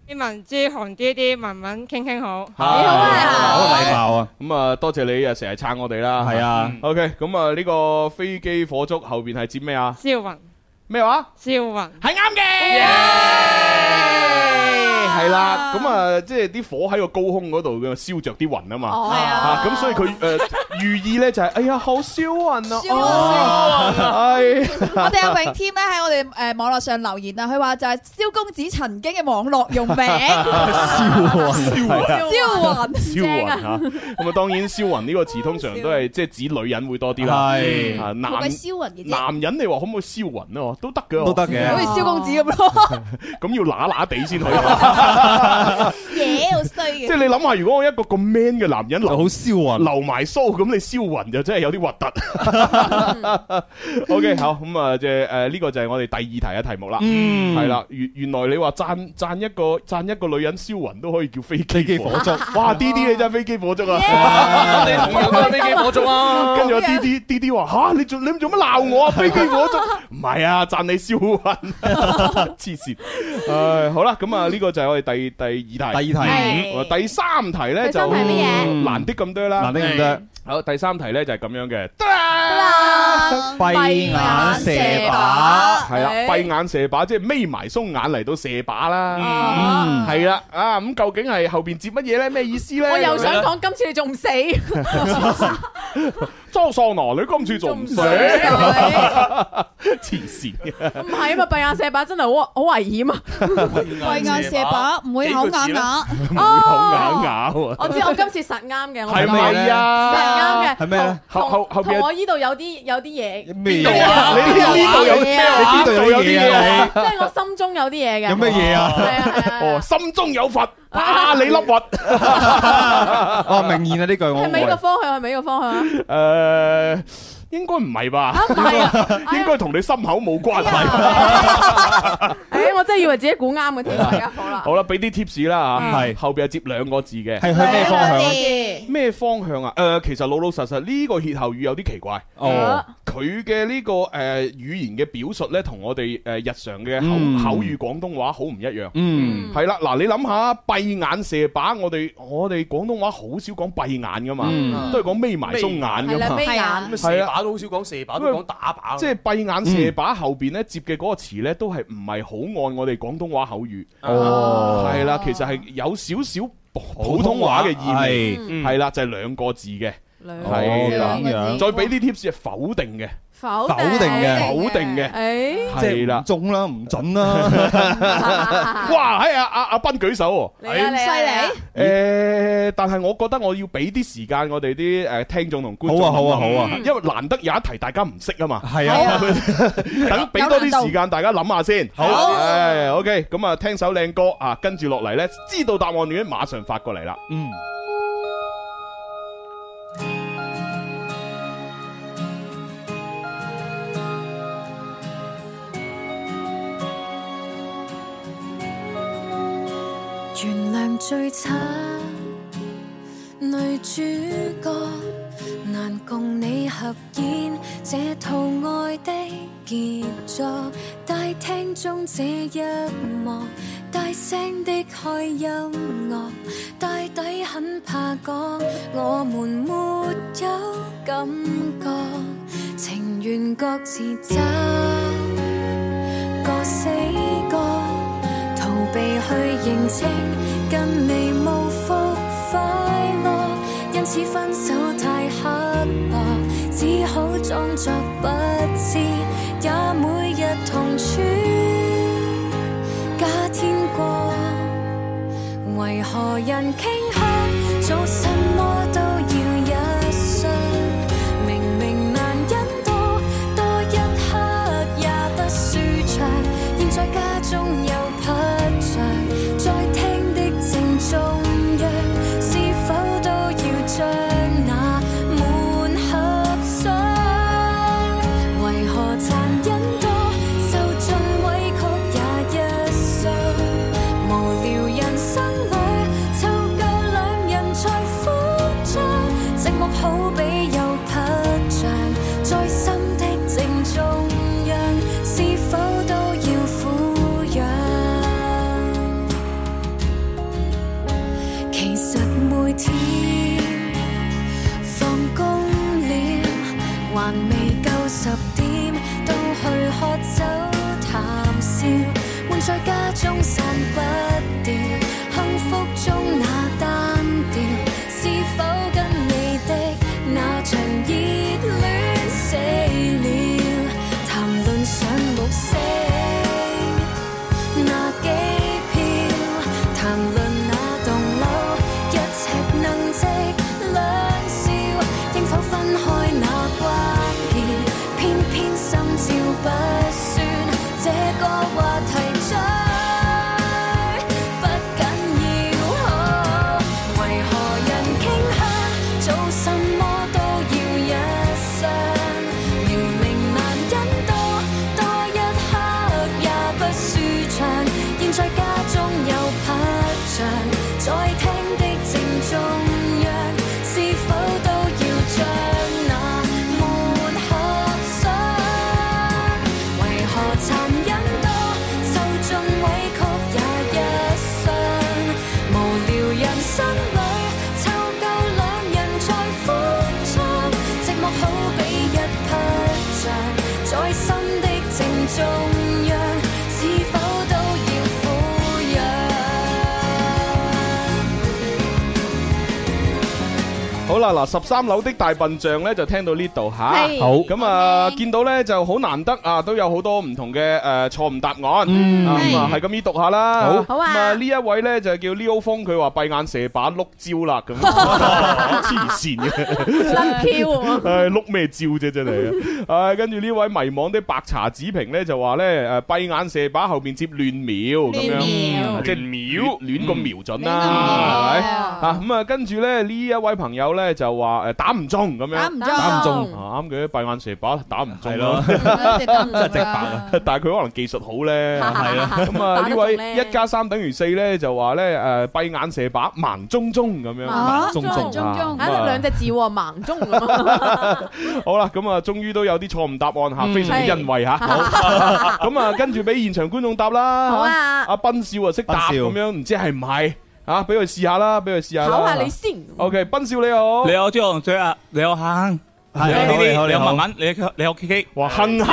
文知寒啲啲，文文傾傾好，幾好啊！好禮貌啊！咁啊，多謝你啊，成日撐我哋啦，係啊。OK，咁啊，呢個飛機火燭後邊係接咩啊？燒雲？咩話？燒雲係啱嘅。係、啊、啦，咁啊，啊，即係啲火喺個高空嗰度嘅燒着啲雲啊嘛，咁、啊啊啊、所以佢誒、呃、 寓意咧就係、是，哎呀，好燒雲啊！燒啊燒啊燒哎、我哋阿永添咧喺我哋誒網絡上留言啊，佢話就係蕭公子曾經嘅網絡用名，燒雲燒雲燒雲吓，咁啊，啊，啊，啊，啊，當然燒雲呢個詞通常都係即係指女人會多啲啦，係、哎嗯、啊，男男人你話可唔可以燒雲啊？都得㗎！都得嘅，好似蕭公子咁咯，咁要乸乸地先可以。 嘢、 yeah，好衰嘅，即係你諗下，如果我一個咁 man 嘅男人留好燒啊，留埋鬚咁，你燒魂就真係有啲核突。 OK，好咁啊，即係誒，呢個就係我哋第二題嘅題目啦。嗯，係啦，原原來你話讚讚一個讚一個女人燒魂都可以叫飛機火燭，哇 ！D D 你真係飛機火燭、yeah! 啊！我哋同樣飛機火燭啊！跟住 D D 話吓，你做你做乜鬧我啊？飛機火燭唔係啊，讚你燒魂，黐 線經病！誒、 uh,，好啦，咁啊，呢個就係、是。係第第二題，第二題，第三題咧就難啲咁多啦。難啲咁多。好，第三題咧就係咁樣嘅，得啦，閉眼射靶，係啦，閉眼射靶，即係眯埋雙眼嚟到射靶啦。嗯，係啦，啊，咁究竟係後邊接乜嘢咧？咩意思咧？我又想講，今次你仲唔死？周秀娜，你今次仲唔死？你痴線，唔係啊嘛！閉眼射靶真係好好危險啊、哦、啊、啊！閉眼射靶唔會咬眼牙，唔會咬眼，我知我今次實啱嘅，係咪啊？.係咩啊？同我依度有啲有啲嘢。啊？你呢度有嘢，你呢度有啲嘢，即係我心中有啲嘢嘅。有咩嘢啊？係啊，係啊。哦，心中有佛，啊你粒佛。哦、啊 啊，明言啊呢句、啊啊這個、我。係咪呢個方向，係咪呢個方向？誒、啊。 啊啊啊啊啊啊 應該唔係吧？唔係，應該同你心口冇關係。誒，我真係以為自己估啱嘅添。好啦，好啦，俾啲 tips 啦嚇，係後邊係接兩個字嘅，係向咩方向？咩方向啊？誒，其實老老實實呢個歇後語有啲奇怪。哦，佢嘅呢個誒語言嘅表述咧，同我哋誒日常嘅口口語廣東話好唔一樣。嗯，係啦，嗱，你諗下，閉眼射靶，我哋我哋廣東話好少講閉眼噶嘛，都係講眯埋雙眼嘅嘛，係啊。都好少講射靶，都講打靶。即係閉眼射靶後邊咧接嘅嗰個詞咧，都係唔係好按我哋廣東話口語。哦，係啦，其實係有少少普，普通話嘅意味。係啦，嗯，就係、係、兩個字嘅，係啦個，的再俾啲 tips 係否定嘅。否定嘅，否定嘅，係、哎、啦，就是、不中啦，唔準啦。哇，係、哎、啊，阿阿斌舉手，你犀、啊、利。誒、啊啊欸，但係我覺得我要俾啲時間我哋啲誒聽眾同觀眾、啊。好啊，好啊，好啊，嗯、因為難得有一題大家唔識啊嘛。係、嗯、啊，等、嗯、俾多啲時間大家諗下先。好，誒，OK，咁啊，哎 okay，嗯、聽首靚歌啊，跟住落嚟咧，知道答案已經馬上發過嚟啦。嗯。最差女主角難共你合演這套愛的傑作，大廳中這一幕，大聲的開音樂，大抵很怕講，我們沒有感覺，情願各自找個死角，逃避去認清。跟你無福快樂，因此分手太刻薄，只好裝作不知，也每日同處。假天過，為何人傾？嗱，十三樓的大笨象咧，就聽到呢度吓，好咁、嗯嗯、啊，見到咧就好難得啊，都有好多唔同嘅誒錯誤答案，咁、嗯嗯、啊係咁依讀下啦，好咁啊呢、嗯、一位咧就叫 Leo 峰，佢話閉眼射靶碌蕉啦，咁黐線嘅，碌咩蕉啫，真、啊、係，誒、哦，跟住呢位迷茫啲白茶紙瓶咧就話咧誒閉眼射靶後邊接亂瞄，咁樣即係瞄亂咁瞄準啦，係咪啊？咁啊跟住咧呢一位朋友咧。就是就話誒打唔中咁樣，打唔中，打唔中啊！啱佢啲閉眼射靶打唔中，係咯，真係直打。但係佢可能技術好咧，係啦。咁啊，呢位一加三等於四咧，就話咧誒閉眼射靶盲中中咁樣，盲中中中中，誒兩隻字喎盲中。好啦，咁啊，終於都有啲錯誤答案嚇，非常之欣慰嚇。好，咁啊，跟住俾現場觀眾答啦。好啊，阿斌少啊識答咁樣，唔知係唔係？啊！俾佢試下啦，俾佢試下。考下你先。OK，斌少你好，你好張紅張啊，你好亨，係你好你好文文，你你你好 K K，我亨亨，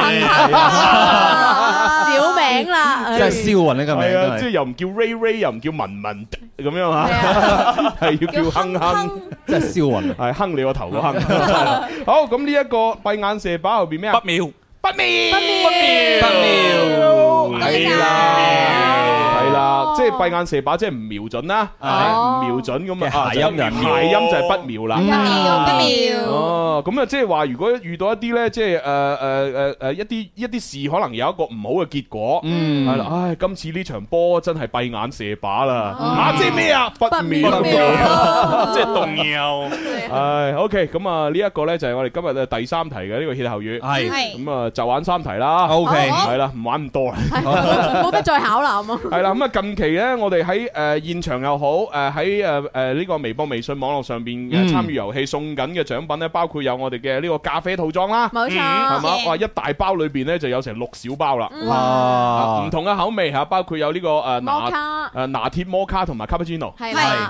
小名啦，即係燒雲呢個名，即係又唔叫 Ray Ray，又唔叫文文咁樣啊，係要叫亨亨，即係燒雲，係亨你個頭個亨。好，咁呢一個閉眼射靶後邊咩啊？不妙。不妙，不妙，不妙，係、啊、啦，係啦，即係閉眼射靶，即係唔瞄準啦，唔瞄準咁啊，諧音啊，諧音就係不妙，、嗯就是、不妙啦，不妙，不妙。哦，咁啊，即係話如果遇到一啲咧，即係誒誒誒誒，一啲一啲事可能有一個唔好嘅結果。嗯，係啦，唉，今次呢場波真係閉眼射靶啦。吓，知咩啊？不妙，即係、啊就是、動搖。唉，OK，咁啊，呢一個咧就係我哋今日嘅第三題嘅呢、這個歇後語。係，咁啊。就玩三題啦，OK，係啦，唔玩咁多啦，冇得再考啦，係嘛。係啦，咁啊近期咧，我哋喺誒現場又好，誒喺誒誒呢個微博、微信網絡上邊嘅參與遊戲送緊嘅獎品咧，包括有我哋嘅呢個咖啡套裝啦，冇錯，係嘛，yeah. 哇，一大包裏邊咧就有成六小包啦，哇，唔、啊、同嘅口味嚇，包括有呢、這個誒拿誒拿鐵摩卡同埋 cappuccino，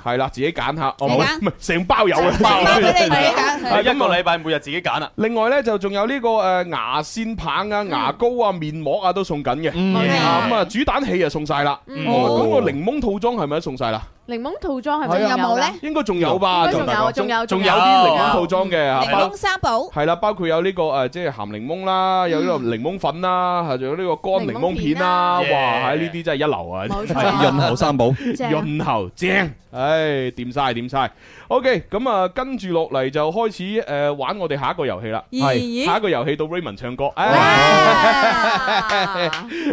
係啦，自己揀嚇，自己揀，成包有嘅 包， 包、啊，一個禮拜每日自己揀啦、啊。另外咧就仲有呢、這個誒、呃、牙線。棒啊、牙膏啊、嗯、面膜啊都送緊嘅，咁、嗯、啊、嗯嗯嗯、煮蛋器啊送晒啦，咁、嗯哦、個檸檬套裝係咪都送晒啦？檸檬套裝係咪有冇咧？應該仲有吧，仲有仲有仲有啲檸檬套裝嘅檸檬三寶係啦，包括有呢個誒，即係鹹檸檬啦，有呢個檸檬粉啦，係仲有呢個乾檸檬片啦，哇！係呢啲真係一流啊，潤喉三寶，潤喉正，唉掂曬係掂曬。OK，咁啊跟住落嚟就開始誒玩我哋下一個遊戲啦，係下一個遊戲到 Raymond 唱歌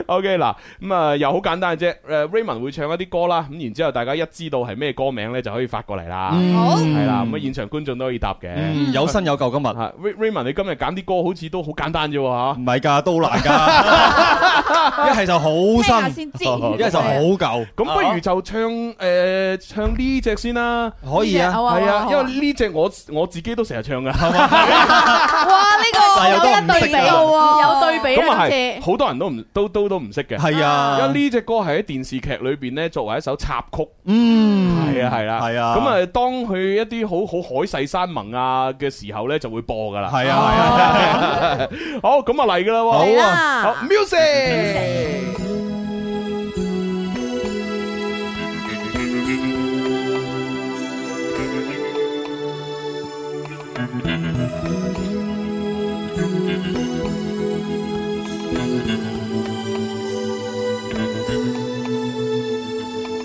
，OK，嗱咁啊又好簡單啫，誒 Raymond 會唱一啲歌啦，咁然之後大家一支。知道係咩歌名咧，就可以發過嚟啦。好係啦，咁啊、嗯、現場觀眾都可以答嘅、嗯。有新有舊今日吓、啊、Rayman 你今日揀啲歌好似都好簡單啫，吓唔係噶，都難噶、啊啊。一係就好新，一係就好舊。咁、啊、不如就唱誒、啊呃、唱呢隻先啦，可以啊，係、這個啊，就是、啊，因為呢隻我我自己都成日唱噶。哇，呢個有得對比嘅，有對比。好多人都唔都都都唔識嘅。係啊，因為呢隻歌係喺電視劇裏邊咧，作為一首插曲。嗯。嗯，係啊，係啦，係啊，咁啊，當佢一啲好好海誓山盟啊嘅時候咧，就會播噶啦。係啊，係啊。好，咁啊嚟噶啦喎。好啊。好，music。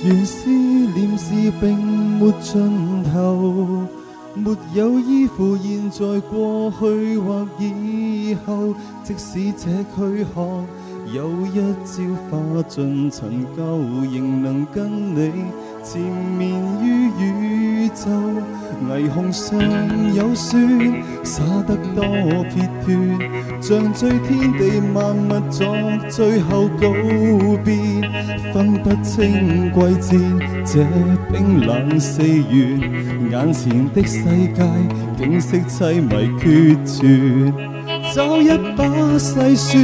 原是。念是並沒盡頭，沒有依附現在、過去或以後。即使這軀殼有一朝化盡，陳舊仍能跟你。纏綿於宇宙，霓虹上有雪，灑得多撇脫，像追天地萬物作最後告別，分不清季節，這冰冷四月，眼前的世界景色淒迷決絕，找一把細雪，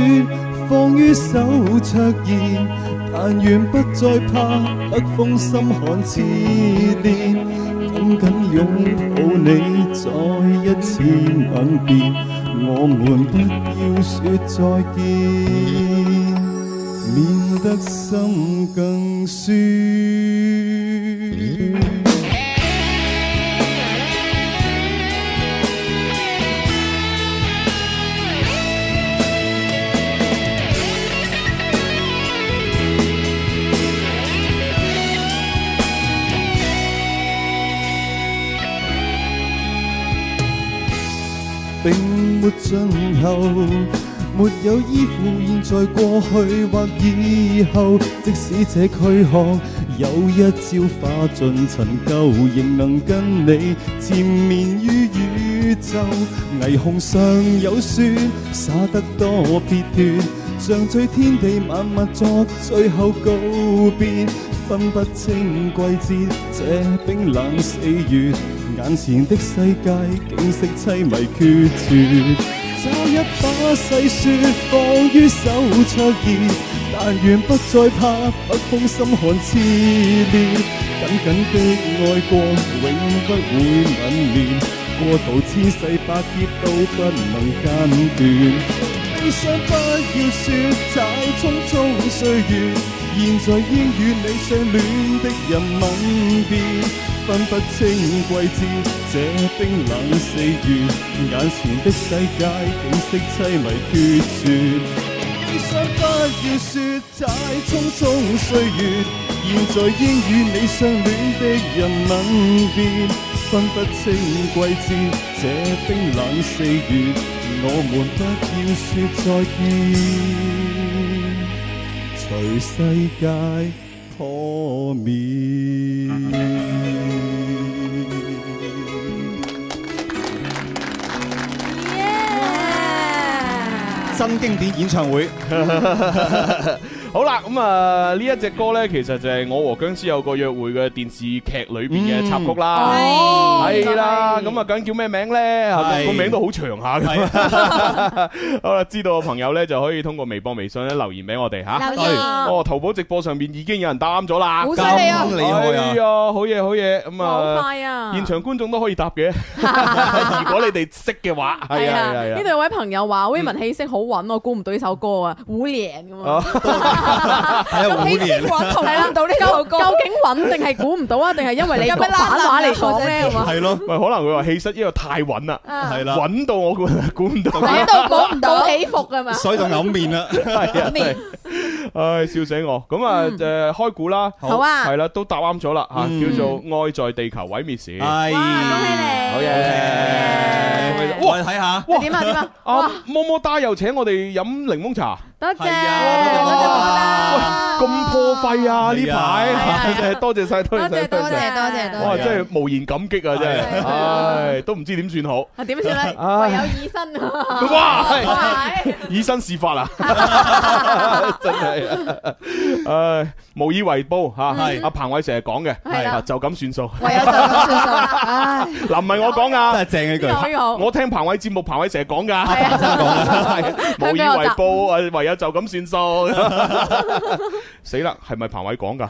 放於手灼熱。但願不再怕北風深寒，心寒刺臉，緊緊擁抱你，再一次吻別，我們不要說再見，免得心更酸。並沒盡頭，沒有依附，現在、過去或以後，即使這軀殼有一朝化盡塵垢，仍能跟你纏綿於宇宙。霓虹上有雪，灑得多撇脫，像追天地萬物作最後告別，分不清季節，這冰冷四月。眼前的世界景色淒迷決絕，找一把細雪放於手灼熱，但願不再怕北風心寒熾烈。緊緊的愛過，永不會泯滅，過度千世百劫都不能間斷。悲傷不要說，走匆匆歲月，現在應與你相戀的人吻別。分不清季節，這冰冷四月，眼前的世界景色淒迷決絕。悲傷不要說，太匆匆歲月，現在應與你相戀的人吻別。分不清季節，這冰冷四月，我們不要說再見，隨世界破滅。嗯嗯嗯嗯嗯新經典演唱會。 好啦，咁、嗯、啊呢一隻歌咧，其實就係我和僵屍有個約會嘅電視劇裏邊嘅插曲啦，係、嗯哦、啦，咁啊究竟叫咩名咧？個名都好長下咁。 好啦，知道嘅朋友咧就可以通過微博、微信咧留言俾我哋吓、啊。留言哦，淘寶直播上邊已經有人答啱咗啦。好犀利啊！厲害啊！好嘢好嘢。咁啊，哎、好，好、嗯、快啊現場觀眾都可以答嘅， 如果你哋識嘅話。係啊係啊！呢度有位朋友話威、嗯、文氣息好穩，我估唔到呢首歌，首歌啊，好靚咁啊。 咁氣勢話同喺度呢首歌，究竟穩定係估唔到啊，定係因為你嘅拍馬嚟講咧？係嘛，係咯，咪可能佢話氣勢因為太穩啦，係啦，穩到我估估唔到，喺度估唔到起伏係嘛，所以就扭面啦，扭面，唉笑死我！咁啊誒開估啦，好啊，係啦，都答啱咗啦吓，叫做愛在地球毀滅時，恭喜你，好嘢！哇，睇下，哇點啊點啊，阿么么噠又請我哋飲檸檬茶。多謝，哇！咁破費啊呢排，多謝晒，多謝晒，多謝多謝多謝，哇！真係無言感激啊，真係，唉，都唔知點算好。點算咧？唯有以身，哇！以身試法啦，真係，唉，無以為報吓，係阿彭偉成日講嘅，係啊，就咁算數，唯有就咁算數，唉，嗱，唔係我講噶，真係正一句，我我聽彭偉節目，彭偉成日講噶，真係講啦，係無以為報啊，為就咁算數，死啦！係咪彭偉講噶？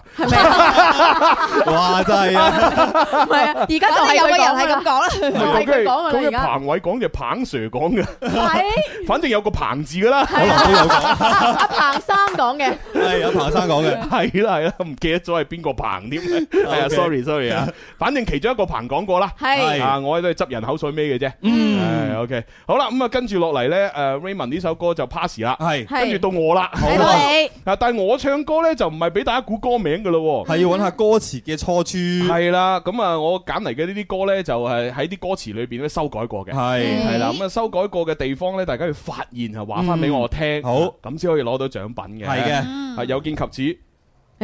哇真、啊啊啊有有！真係啊，唔係啊！而家又係咁講啦，係咁講啊！而彭偉講就彭 Sir 講嘅，係，反正有個彭字噶啦。可能都有講阿、 啊啊、彭生講嘅，係、啊、阿彭生講嘅，係啦係啦，唔、啊啊啊啊、記得咗係邊個彭添、哎，係、okay、啊，sorry sorry 啊，反正其中一個彭講過啦，係啊，我咧執人口水尾嘅啫、嗯啊，嗯，OK，好啦，咁啊跟住落嚟咧，誒 Raymond 呢首歌就 pass 啦、啊，係係、啊。越到我啦，嗱，但係我唱歌咧就唔係俾大家估歌名噶咯，係要揾下歌詞嘅錯處。係啦，咁啊，我揀嚟嘅呢啲歌咧就係喺啲歌詞裏邊咧修改過嘅，係係啦，咁啊修改過嘅地方咧，大家要發現啊，話翻俾我聽，好，咁先可以攞到獎品嘅，係嘅，係有見及此。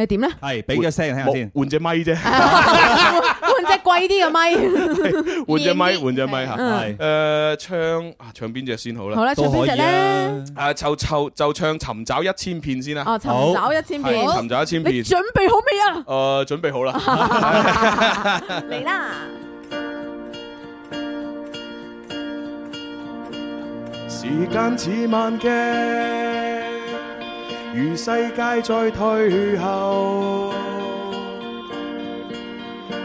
係點咧？係俾個聲聽下先，換隻咪啫。即係貴啲嘅咪，換隻咪，換隻咪。吓，係誒、呃、唱啊唱邊隻先好啦，好啦，唱邊隻咧啊，都可以啊，誒、呃、就就唱《尋找一千遍》先啦，哦、啊，尋找一千遍，尋找一千遍。你準備好未啊？誒、呃、準備好啦，嚟 啦！時間似慢鏡，如世界再退後。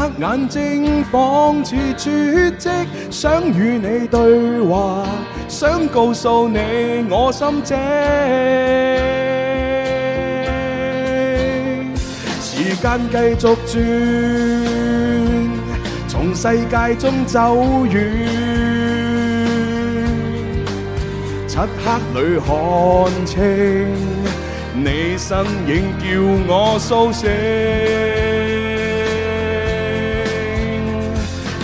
黑眼睛仿似絕迹，想與你對話，想告訴你我心情。時間繼續轉，從世界中走遠，漆黑裏看清你身影，叫我蘇醒。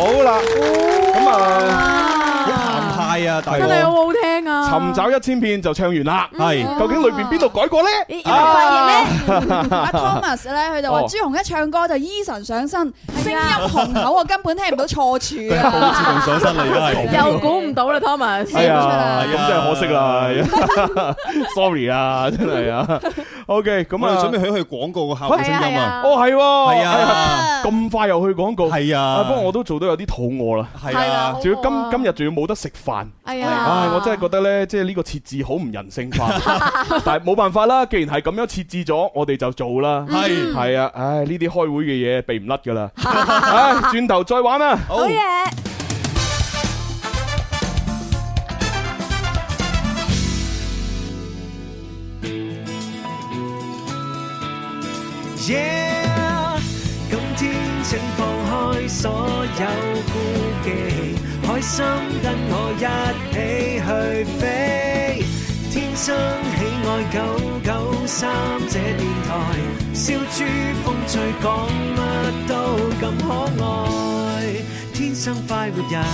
好啦，咁、嗯、啊，彈、嗯、嗨啊，大王，真係好好聽啊！尋找一千遍就唱完啦，係、嗯哎哎，究竟裏邊邊度改過咧？有、啊、咩、哎、發現咧？阿、啊啊啊、Thomas 咧，佢就話、哦、朱紅一唱歌就 Eason 上身，哎、聲音洪厚啊，根本聽唔到錯處啊！Eason、哦、上身啦、哎，又估唔到啦，Thomas，係啊，咁真係可惜啦，sorry 啊，真係啊。哎 O K，咁啊，準備去去廣告嘅客戶聲音啊！哦，係喎，咁快又去廣告，係啊！不過我都做到有啲肚餓啦，係啊！仲要今今日仲要冇得食飯，係啊！唉，我真係覺得咧，即係呢個設置好唔人性化，但係冇辦法啦，既然係咁樣設置咗，我哋就做啦，係係啊！唉，呢啲開會嘅嘢避唔甩噶啦，唉，轉頭再玩啊！好。耶、yeah，！今天請放開所有顧忌，開心跟我一起去飛。天生喜愛九九三這電台，笑豬風趣講乜都咁可愛，天生快活人，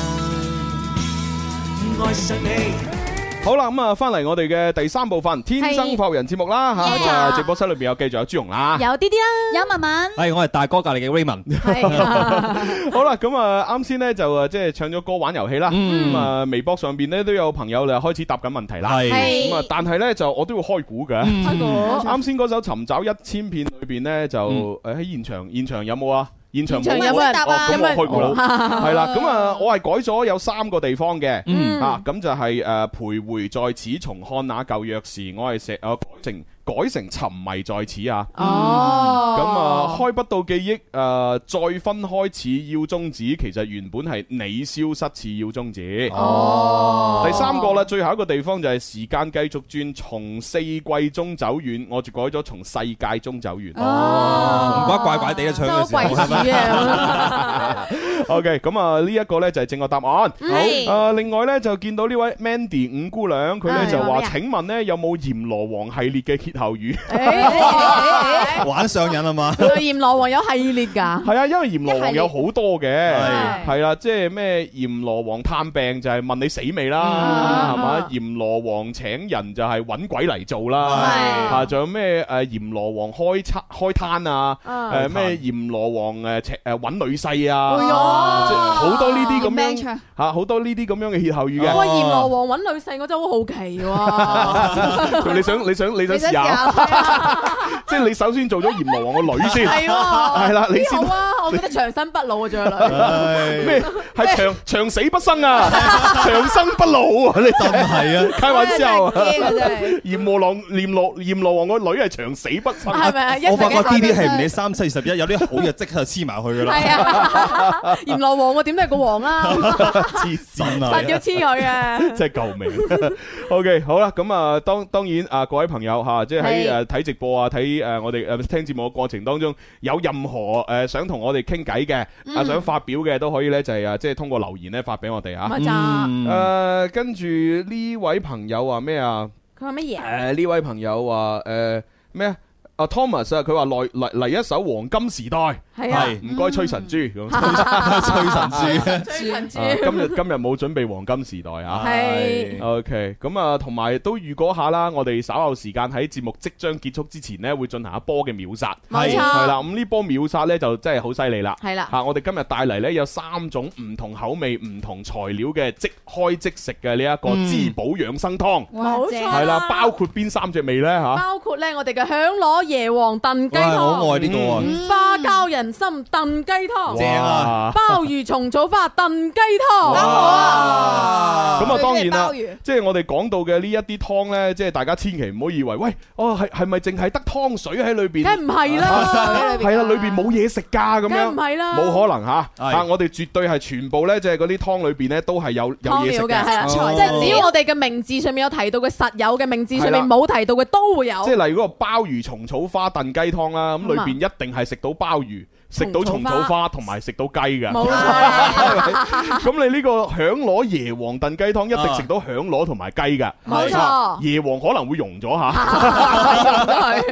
愛上你。好啦，咁啊，翻嚟我哋嘅第三部分《天生教人》節目啦，吓，啊、yeah, 直播室裏邊有，繼續有朱融啦，有啲啲啦，有文文，係我係大哥隔籬嘅 Raymond。 好啦，咁啊，啱先咧就誒，即係唱咗歌玩遊戲啦，咁、mm. 啊、嗯，微博上邊咧都有朋友嚟開始答緊問題啦，咁啊、嗯，但係咧就我都要開估嘅，啱先嗰首《尋找一千遍裡面呢》裏邊咧就誒喺現場，mm. 現場有冇啊？現場有冇人答啊？咁我去古佬係啦，咁啊、 呃、我係改咗有三個地方嘅，嗯、啊咁就係誒徘徊在此重看那舊約時，我係石啊改成改成沉迷在此啊！咁、哦、啊、嗯，開不到記憶，誒、呃，再分開始要終止，其實原本係你消失似要終止。哦，第三個啦，最後一個地方就係時間繼續轉，從四季中走遠，我就改咗從世界中走遠，哦，唔得，怪怪地一唱嘅時候。都怪事嘅。O K，咁啊，呢一個咧就係正確答案。好。誒、呃，另外咧就見到呢位 Mandy 五姑娘，佢咧就話：請問咧有冇《閻羅王》系列嘅？後語玩上癮啊嘛！對，閻羅王有系列噶。係啊，因為閻羅王有好多嘅。係係啦，即係咩閻羅王探病就係問你死未啦，係、啊、嘛？閻羅王請人就係揾鬼嚟做啦，係啊，仲有咩誒閻羅王開攤開攤啊？誒咩閻羅王誒誒揾女婿啊？好、啊啊、多呢啲咁樣吓，好、啊、多呢啲咁樣嘅歇後語嘅。閻、啊、羅、啊、王揾女婿，我真係好好奇、啊 你。你想你想你想試下？啊、 即係你首先做咗閻羅王個女先，係 啦，你先好啊！我覺得長生不老啊，仲有咩？係長長死不生啊！ 長生不老啊！你真係啊！開玩笑， 啊！閻 王閻羅閻羅王個女係長死不生，啊，係咪啊？我發覺啲啲係唔三四十一， 有啲好嘢即刻黐埋去噶啦、 啊。閻羅王我點都係個王啊！黐線啊，實要黐佢 啊！即係救命！OK，好啦，咁啊，當當然啊，各位朋友吓即喺睇直播啊，睇誒我哋誒聽節目嘅過程當中，有任何誒想同我哋傾偈嘅，啊、嗯、想發表嘅都可以呢，就係啊即係通過留言呢，發俾我哋啊。冇、嗯、就、uh, 跟住，呢位朋友話咩啊？佢話乜嘢？誒、uh, 呢位朋友話誒咩啊？啊，Thomas 啊，佢話嚟嚟嚟一首黃金時代，係唔該吹神豬咁， 吹神豬、 啊，今日今日冇準備黃金時代是啊，係，OK，咁、嗯、啊，同埋都預果下啦，我哋稍後時間喺節目即將結束之前呢，會進行一波嘅秒殺，係係啦，咁呢波秒殺呢，就真係好犀利啦，係、嗯、啦，吓我哋今日帶嚟呢，有三種唔同口味、唔同材料嘅即開即食嘅呢一個滋補養生湯，冇錯，係啦，包括邊三隻味呢？吓？包括呢，我哋嘅響螺。椰皇燉雞湯，花膠人參燉雞湯，正啊！鮑魚蟲草花燉雞湯，啱啊！咁啊，當然啦，即係我哋講到嘅呢一啲湯咧，即係大家千祈唔好以為，喂，哦係係咪淨係得湯水喺裏邊？梗唔係啦，係啦、啊，裏邊冇嘢食噶咁樣，唔係啦，冇可能吓，但我哋絕對係全部咧、就是哦，即係嗰啲湯裏邊咧，都係有有嘢食嘅，即係只要我哋嘅名字上面有提到嘅實有嘅，名字上面冇提到嘅、啊、都會有，即係例如嗰個鮑魚蟲草。豆花燉雞湯啦，咁裏邊一定係食到鮑魚。食到蟲草花同埋食到雞嘅，啊 嗯，冇錯。咁你呢個響螺椰皇燉雞湯一定食到響螺同埋雞嘅，冇錯。椰皇可能會溶咗嚇，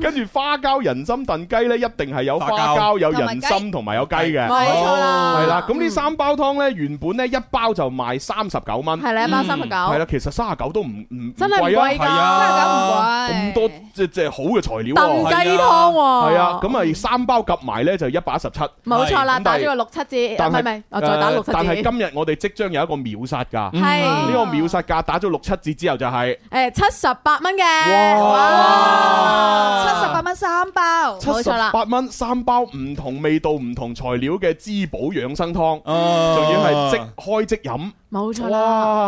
跟住花膠人參燉雞呢，一定係有花膠、花膠，有人參同埋有雞嘅，冇錯，啊，啦。係啦，咁呢三包湯呢，原本呢一包就賣三十九蚊，係，嗯，啦一包三十九，係，嗯，啦，其實三十九都唔唔，啊，真係貴㗎，三十九唔貴，咁多即係好嘅材料，啊，燉雞湯喎，啊啊，係啊，咁咪三包夾埋咧。就一百一十七，冇錯啦，打咗個六七折，係咪？我再打六七折，但係今日我哋即將有一個秒殺價，係呢個秒殺價打咗六七折之後就係誒七十八蚊嘅，哇，七十八蚊三包，冇錯啦，七十八蚊三包，唔同味道、唔同材料嘅滋補養生湯，仲要係即開即飲。冇錯啦！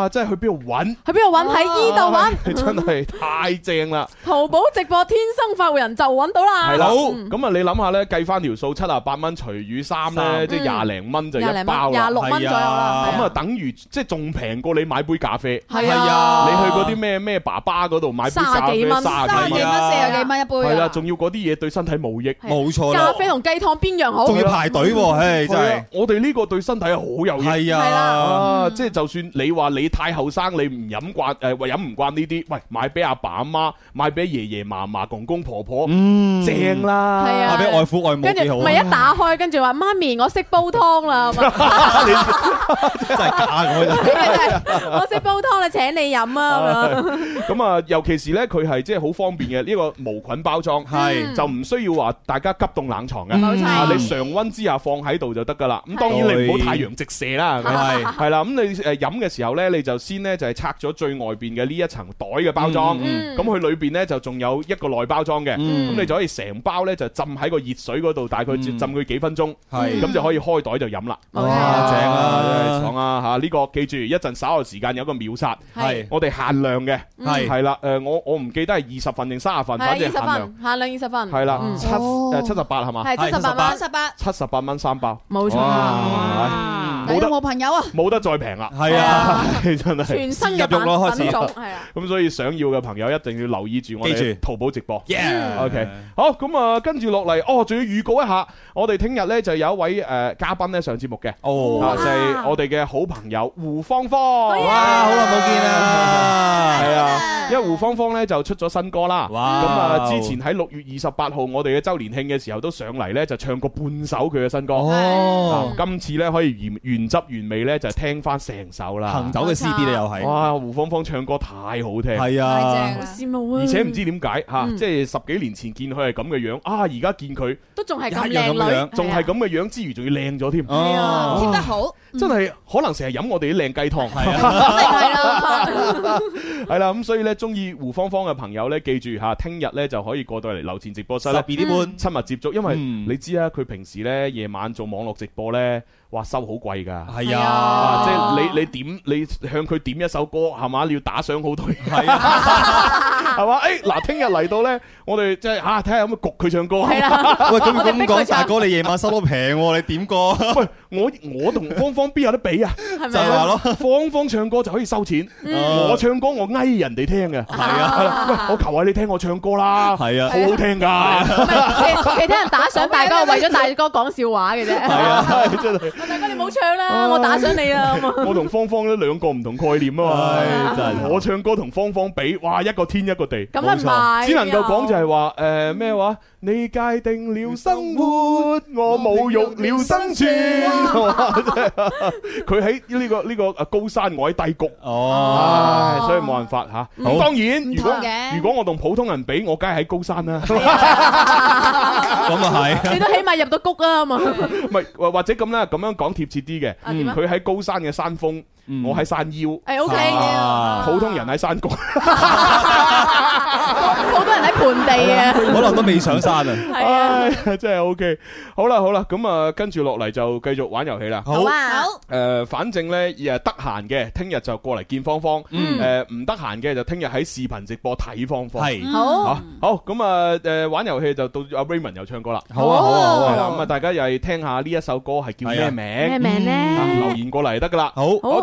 哇，即係去邊度揾？去邊度揾？喺依度揾，真係太正啦！淘寶直播天生發貨人就揾到啦！係咯，咁、嗯、啊，嗯、你諗下呢，計翻條數，七啊八蚊除以三呢，即係廿零蚊就一包，廿六蚊左右啦。咁啊，啊就等於即係仲平過你買杯咖啡。係啊，你去嗰啲咩咩爸爸嗰度買杯咖啡，卅幾蚊，卅幾蚊，四十啊幾蚊一杯。係啦，仲要嗰啲嘢對身體冇益。冇錯。咖啡同雞湯邊樣好？仲要排隊喎、啊，真係。我哋呢個對身體好有益。係啊，即係。就算你話你太後生，你唔飲慣誒，飲唔慣呢啲，喂，買俾阿爸阿媽，買俾爺爺嫲嫲、公公婆婆，嗯、正啦，係啊，買俾外父外母，跟住咪一打開，跟住話媽咪，我識煲湯啦， 你 真係假的 我，我識煲湯你請你飲啊，咁啊，尤其是咧，佢係即係好方便嘅呢、這個無菌包裝，係就唔需要話大家急凍冷藏嘅，冇、嗯啊、你常溫之下放喺度就得噶啦，咁、啊、當然你唔好太陽直射啦，係啦、啊，咁你、啊。誒，飲嘅時候咧，你就先咧就係拆咗最外邊嘅呢一層袋嘅包裝，咁佢裏邊咧就仲有一個內包裝嘅，咁你就可以成包咧就浸喺個熱水嗰度，大概浸佢幾分鐘，咁就可以開袋就飲啦。正啊，正啊吓，呢個記住一陣稍後時間有一個秒殺，係我哋限量嘅，係係啦，誒我我唔記得係二十份定三十份，反正限量，限量二十份，係啦七誒七十八係嘛，七十八蚊十八，七十八蚊三包，冇錯。冇得冇朋友啊，冇得再平啦，係啊，啊，真係全新入用咯，開始係啊，咁、嗯啊、所以想要嘅朋友一定要留意住我哋淘寶直播 yeah，OK 好咁啊，跟住落嚟哦，仲要預告一下，我哋聽日咧就有一位誒、呃、嘉賓咧上節目嘅，哦，就、啊、係我哋嘅好朋友胡芳芳，哇，哇哇好耐冇見啦，係啊，啊，啊，因為胡芳芳咧就出咗新歌啦，咁啊、嗯嗯嗯嗯嗯嗯，之前喺六月二十八號我哋嘅周年慶嘅時候都上嚟咧就唱過半首佢嘅新歌，哦，嗯嗯嗯、今次咧可以原汁原味咧，就係、是、聽翻成首啦。行走嘅 C D 咧，又係哇，胡芳芳唱歌太好聽。係啊，好羨慕啊。而且唔知點解吓，即係十幾年前見佢係咁嘅樣啊，而家見佢都仲係咁靚女，仲係咁嘅樣之餘，仲要靚咗添。啊，樣樣啊啊貼得好，啊嗯、真係可能成日飲我哋啲靚雞湯。係啊，係 啦是、啊。咁、 啊、所以咧，中意胡芳芳嘅朋友咧，記住吓，聽日咧就可以過到嚟樓前直播室啦。十二點半親、嗯、密接觸，因為你知道啊，佢平時咧夜晚上做網絡直播咧。哇收好貴噶，係啊，即係你你點你向佢點一首歌係嘛，你要打賞好多，係啊，係嘛，誒嗱，聽日嚟到咧，我哋即係吓睇下可唔可以焗佢唱歌，係啊，喂咁咁講，大哥你夜晚收得平喎，你點歌？喂，我我同芳芳邊有得比啊？就話咯，芳芳唱歌就可以收錢，我唱歌我呓人哋聽嘅，係啊，喂，我求下你聽我唱歌啦，係啊，好好聽噶，其其他人打賞大哥，為咗大哥講笑話嘅啫，係啊，真係。大哥你唔好唱啦，唉我打傷你啦！我同芳芳呢兩個唔同概念啊嘛，我唱歌同芳芳比，哇，一個天一個地，咁啊冇錯，只能夠講就係話誒咩話？你界定了生活，我侮辱了生存。佢喺呢個呢、呢個啊高山，我喺低谷哦、啊，所以冇辦法吓。啊嗯、當然，如果如果我同普通人比，我梗係喺高山啦。咁啊係。 就是、你都起碼入到谷啊嘛。唔係， 或或者咁啦，咁樣講貼切啲嘅，佢喺高山嘅山峰。我喺山腰，誒，O K，普通人喺山谷，好多人喺盆地啊，可能都未上山啊，係啊，真係 O K，好啦好啦，咁啊，跟住落嚟就繼續玩遊戲啦，好啊，好，誒，反正咧誒，得閒嘅聽日就過嚟見芳芳，誒，唔得閒嘅就聽日喺視頻直播睇芳芳，係，好，好，咁啊，誒，玩遊戲就到阿 Raymond 又唱歌啦，好啊好啊好啊，咁啊，大家又係聽下呢一首歌係叫咩名咩名咧，留言過嚟得㗎啦，好，好。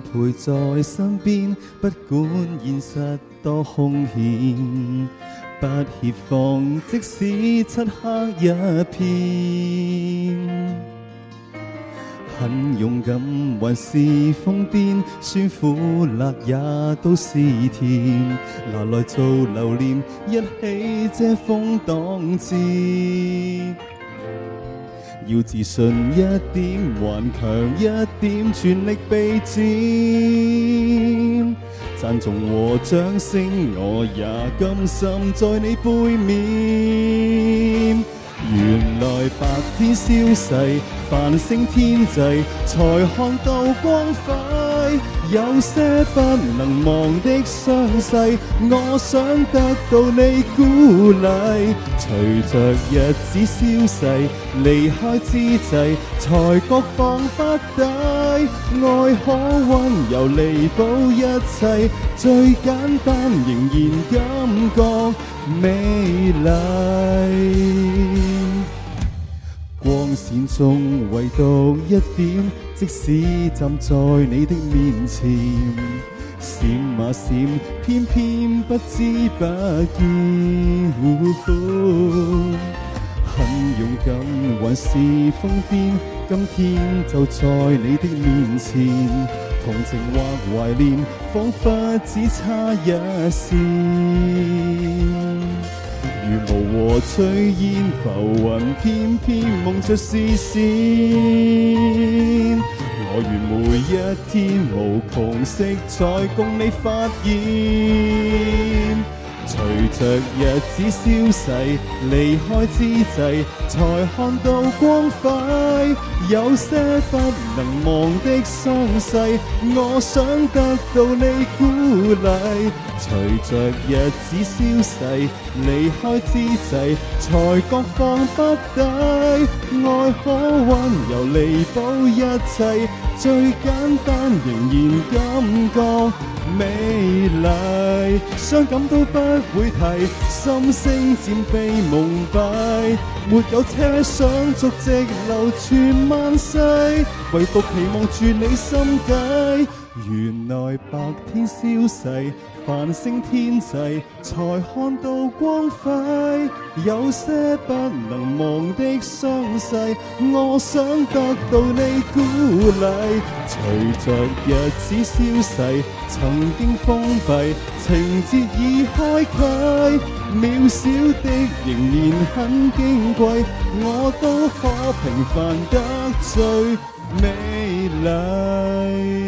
陪在身邊，不管現實多凶險，不協防。即使漆黑一片。很勇敢還是瘋癲，酸苦辣也都是甜，拿來，來做留念，一起遮風擋箭。要自信一點，頑強一點，全力備戰。讚頌和掌聲，我也甘心在你背面。原來白天消逝，繁星天際才看到光輝。有些不能忘的傷勢，我想得到你鼓勵。隨着日子消逝，離開之際，才覺放不低。愛可溫柔彌補一切，最簡單，仍然感覺美麗。光線中唯獨一點。即使站在你的面前，閃啊閃，偏偏不知不見。很勇敢還是瘋癲？今天就在你的面前，同情或懷念，仿佛只差一線。如霧和炊煙，浮雲偏偏蒙着視線。我願每一天無窮色彩，共你發現。隨着日子消逝，離開之際，才看到光輝。有些不能忘的傷勢，我想得到你鼓勵。隨着日子消逝。離開之際，才覺放不低。愛可溫柔彌補一切，最簡單仍然感覺美麗。傷感都不會提，心聲漸被蒙蔽。沒有車廂足跡流傳萬世，唯獨期望住你心底。原來白天消逝。繁星天際，才看到光輝。有些不能忘的傷勢，我想得到你鼓勵。隨着日子消逝，曾經封閉，情節已開啟。渺小的仍然很矜貴，我都可平凡得最美麗。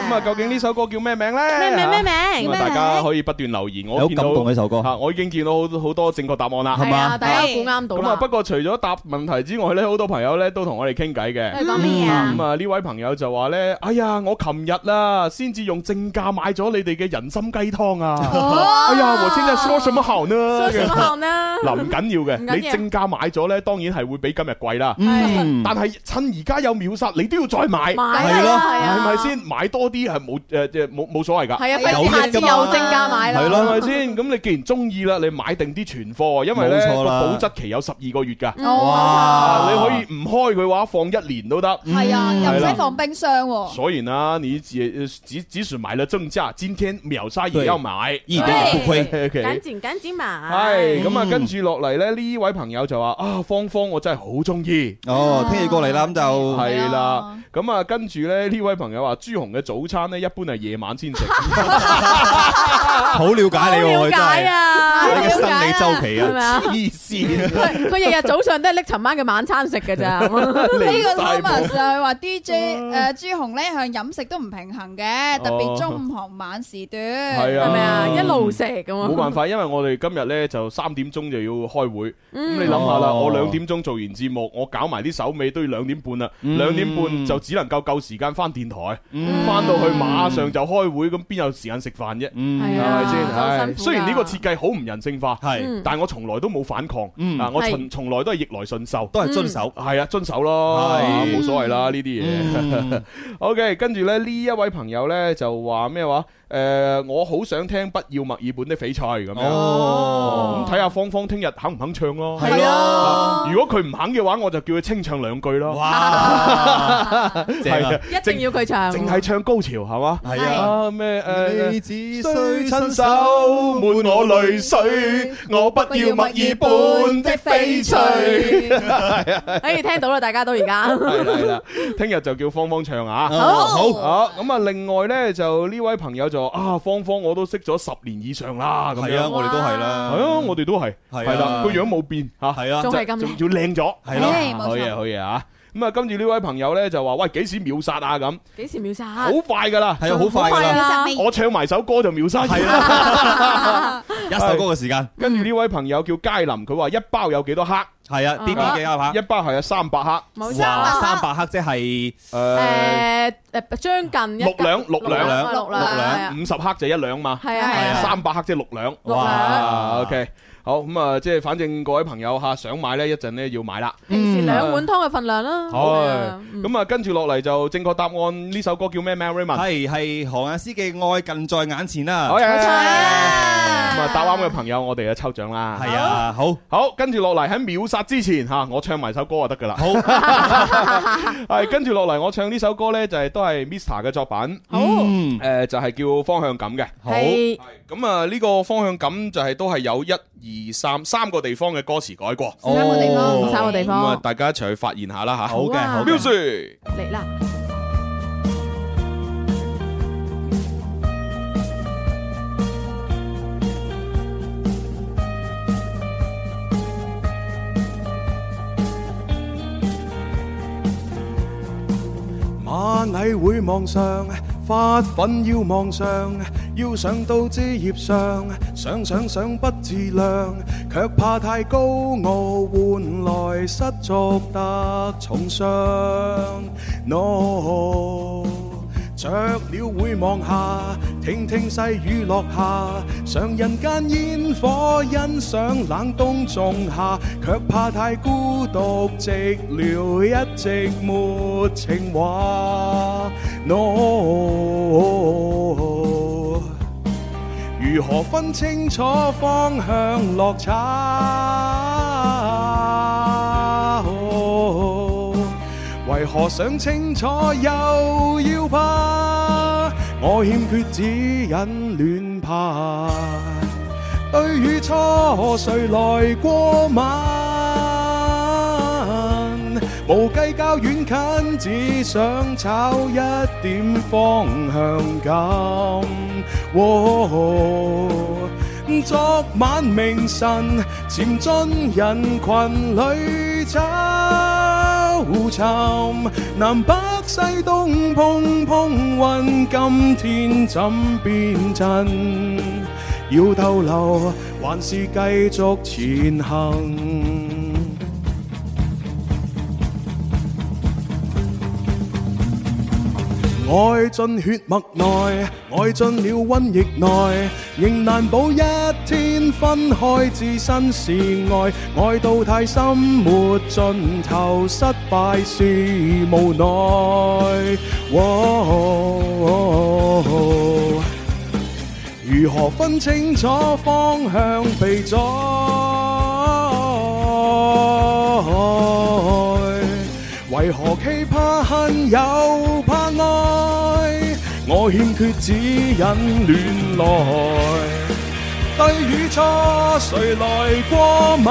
究竟呢首歌叫咩名咧？咩名咩、啊、名字？咁大家可以不斷留言。我好感動呢首歌吓，我已經見到好、啊、多，多正確答案啦，係嘛？大家估啱到啊！不過除咗答問題之外咧，好多朋友咧都同我哋傾偈嘅。傾、嗯、咩、嗯嗯、啊？咁啊，呢位朋友就話咧：，哎呀，我琴日啦，先至用正價買咗你哋嘅人參雞湯啊！哦、 哎呀，我真係 s o c i 呢 s o c i 呢。嗱、啊，唔緊、啊 啊、要嘅，你正價買咗咧，當然係會比今日貴啦。但係趁而家有秒殺，你都要再買，係咯，係咪先？啊啊、是是買多啲。啲係冇誒，即係冇冇所謂噶，有下次有正價買啦，係啦，係咪先？咁 你既然中意啦，你買定啲存貨，因為咧個保質期有十二個月噶、嗯，你可以唔開佢話放一年都得，係、嗯、啊，又唔使放冰箱、哦。所以啦，你只指指數買咗增加今天秒殺而家買，一點不虧。趕緊趕緊買。係咁啊，跟住落嚟咧呢位朋友就話啊、哦，芳芳我真係好中意哦，聽日過嚟啦，咁就係啦。咁啊跟住咧呢位朋友話朱紅嘅早餐咧一般係夜晚先食。好了解你喎，佢真係。了解啊，了解啊。生理週期啊，黐線！佢日日早上都係拎尋晚嘅晚餐食㗎咋。呢個 Timers 話 DJ 誒朱虹咧，向飲食都唔平衡嘅，特別中午、傍晚時段，係咪啊？一路食咁啊！冇辦法，因為我哋今日咧就三點鐘就要開會，咁你諗下啦，我兩點鐘做完節目，我搞埋啲首尾都要兩點半啦，兩點半就只能夠夠時間翻電台，翻到去馬上就開會，咁邊有時間食飯啫？係啊。係，雖然呢個設計好唔人性化，係是，但係我從來都冇反抗，嗯、啊，我從從是來都係逆來順受，都係遵守，係、嗯、啊，遵守咯，冇是所謂啦呢啲嘢。OK，跟住咧呢一位朋友咧就話咩話？誒、呃，我好想聽不要墨爾本的翡翠咁樣，咁睇下芳芳聽日肯唔肯唱咯？係啊，如果佢唔肯嘅話，我就叫佢清唱兩句咯。哇 正、啊啊！一定要佢唱，淨係唱高潮係嘛？係啊，咩、啊、誒？你只需親手抹我淚水，我不要墨爾本的翡翠。啊， 可以聽到啦，大家都而家係啦，聽 日、啊啊啊、就叫芳芳唱 啊！好，好，好咁啊！另外咧，就呢位朋友就。啊，芳芳我都識咗十年以上啦，咁樣。係啊，我哋都係啦。係啊，我哋都係。係啦，個樣冇變嚇。係啊，仲係咁，仲、啊啊、要靚咗。係啦，可以、啊，可以嘢！咁啊，跟住呢位朋友咧就話，喂，幾時秒殺啊？咁幾時秒殺？好快噶啦，係啊，好快噶啦。我唱埋首歌就秒殺。係啦，一首歌嘅時間。跟住呢位朋友叫佳林，佢話一包有幾多克？係啊，啲包嘅係嘛？一包係有三百克。冇錯，三百克即係誒誒將近一。六兩六兩兩六兩，五十克就一兩嘛。係啊，三百克即係六兩。哇，OK。好咁啊，即係反正各位朋友吓想買咧，一陣咧要買啦。平時兩碗湯嘅份量啦。好，咁啊，嗯、跟住落嚟就正確答案呢首歌叫咩？Maryman 係係何雁詩嘅《愛近在眼前、啊》啦。好，冇錯啊。咁啊答啱嘅朋友，我哋就抽獎啦。係啊，好好。跟住落嚟喺秒殺之前吓，我唱埋首歌就得噶啦。好，係 跟住落嚟，我唱呢首歌咧，就係都係 Mr. 嘅作品。好、嗯，誒、呃，就係、是、叫方向感嘅。好，咁啊，呢個方向感就係都係有一二。二三三個地方嘅歌詞改過、哦，三個地方，三個地方，嗯、大家一齊去發現下啦嚇。好嘅，標書嚟啦。馬禮會望上，發奮要望上，要上到枝葉上，想想想不自量，卻怕太高傲，換來失足得重傷 no 雀鳥會望下，聽聽細雨落下，上人間煙火欣，欣賞冷冬仲夏，卻怕太孤獨，寂寥一直沒情話。no 如何分清楚方向落差？為何想清楚又要怕？我欠缺指引，亂拍對與錯，誰來過問？無計較遠近，只想找一點方向感。和、哦、昨晚明晨潛進人群裏找尋，南北西東碰碰運，今天怎變陣？要逗留還是繼續前行？愛進血脈內，愛進了瘟疫內，仍難保一天分開。自身是愛，愛到太深沒盡頭，失敗是無奈，哦哦哦。如何分清楚方向被阻？為何懼怕恨有我欠缺指引，亂來，對與錯誰來過問？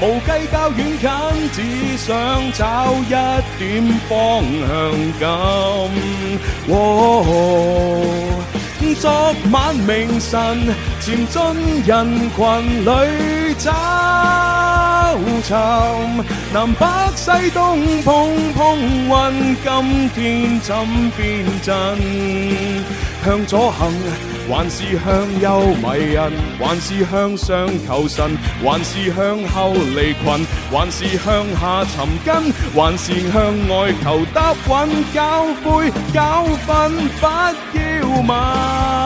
無計較遠近，只想找一點方向感。哦、昨晚明晨，潛進人群裏找。南北西東碰碰運，今天怎變陣？向左行還是向右迷人？還是向上求神？還是向後離群？還是向下尋根？還是向外求得穩？交杯交份，不要問。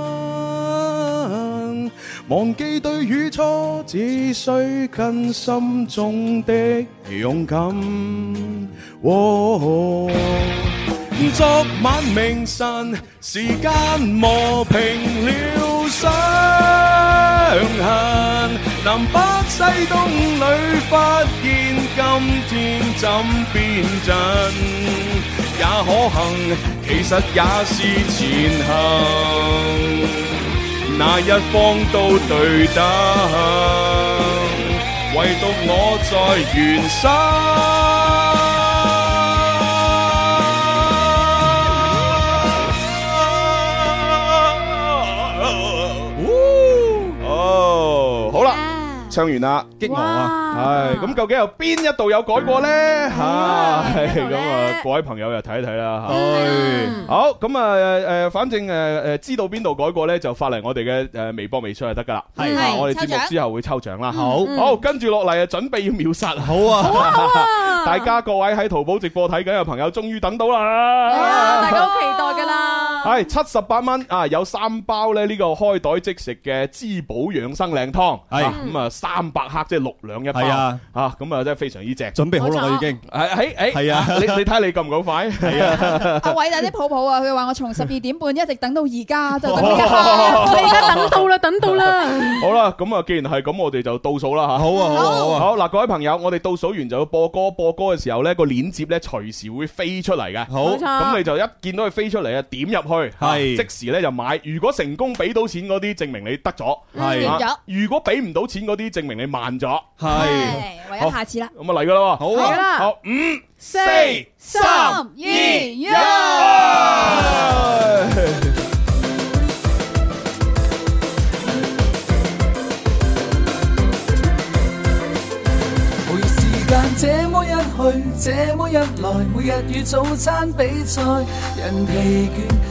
忘記對與錯，只需跟心中的勇敢。昨晚明晨，時間磨平了傷痕。南北西東裏發現，今天怎變陣？也可恨，其實也是前行。哪一方都對等，唯獨我在原生。唱完啦，激昂啊！係咁究竟由邊一度有改過咧？吓、嗯，咁啊！各位朋友又睇一睇啦，嗯，好，咁啊，誒、呃，反正誒誒、呃，知道邊度改過咧？就發嚟我哋嘅誒微博、微信就得噶啦。係、啊，我哋節目之後會抽獎啦。好、嗯嗯、好，跟住落嚟啊，準備要秒殺，好啊！ 大家各位喺淘寶直播睇緊嘅朋友，終於等到啦！啊，大哥哥係七十八蚊啊！有三包咧，呢個開袋即食嘅滋補養生靚湯，係咁啊，三百克即係六兩一杯啊！吓咁啊，真係非常之正。準備好啦我已經，係喺誒，係啊！你你睇你咁鬼快，係啊！阿偉大啲抱抱啊，佢話我從十二點半一直等到而家，就等呢個包，我而家等到啦，等到啦！好啦，咁啊，既然係咁，我哋就倒數啦吓。好啊，好啊，好啊！好嗱，各位朋友，我哋倒數完就要播歌，播歌嘅時候咧，個鏈接咧隨時會飛出嚟嘅。好，咁你就一見到佢飛出嚟啊，點入。去係即時咧就買，如果成功俾到錢嗰啲，證明你得咗；係如果俾唔到錢嗰啲，證明你慢咗。係，唯有下次啦。咁啊嚟噶啦，好啊，好五四三二一。時間這麼一去這麼一來，每日與早餐比賽，人疲倦。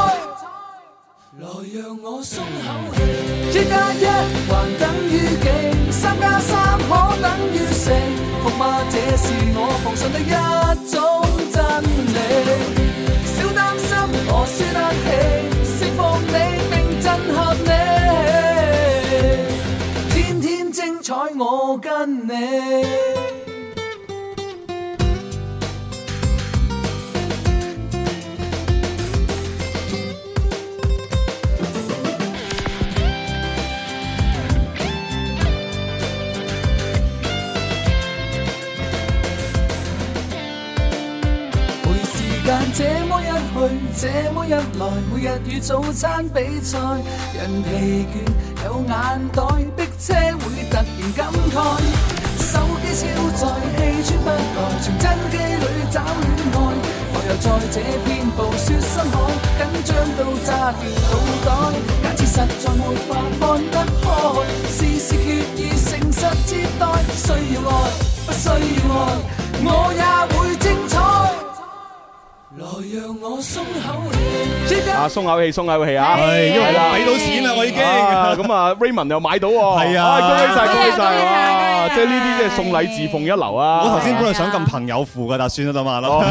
來讓我鬆口氣，一加一還等於幾？三加三可等於四？伏馬，這是我奉上的一種真理。少擔心，我輸得起，釋放你並震撼你，天天精彩我跟你。這麼一來，每日與早餐比賽，人疲倦有眼袋，逼車會突然感慨，手機超載，氣喘不來，從真機裏找戀愛，我又在這片暴雪深海，緊張到炸掉腦袋，假設實在沒法看得開，事事決意誠實接待，需要愛，不需要愛，我也會。我啊！鬆口氣，鬆口氣啊！因為俾到錢啦，我已經。咁啊，Raymond 又買到喎。係啊！多謝晒，多謝晒。即係呢啲即係送禮自奉一流啊！我頭先本來想撳朋友付噶，但算啦，得嘛咯？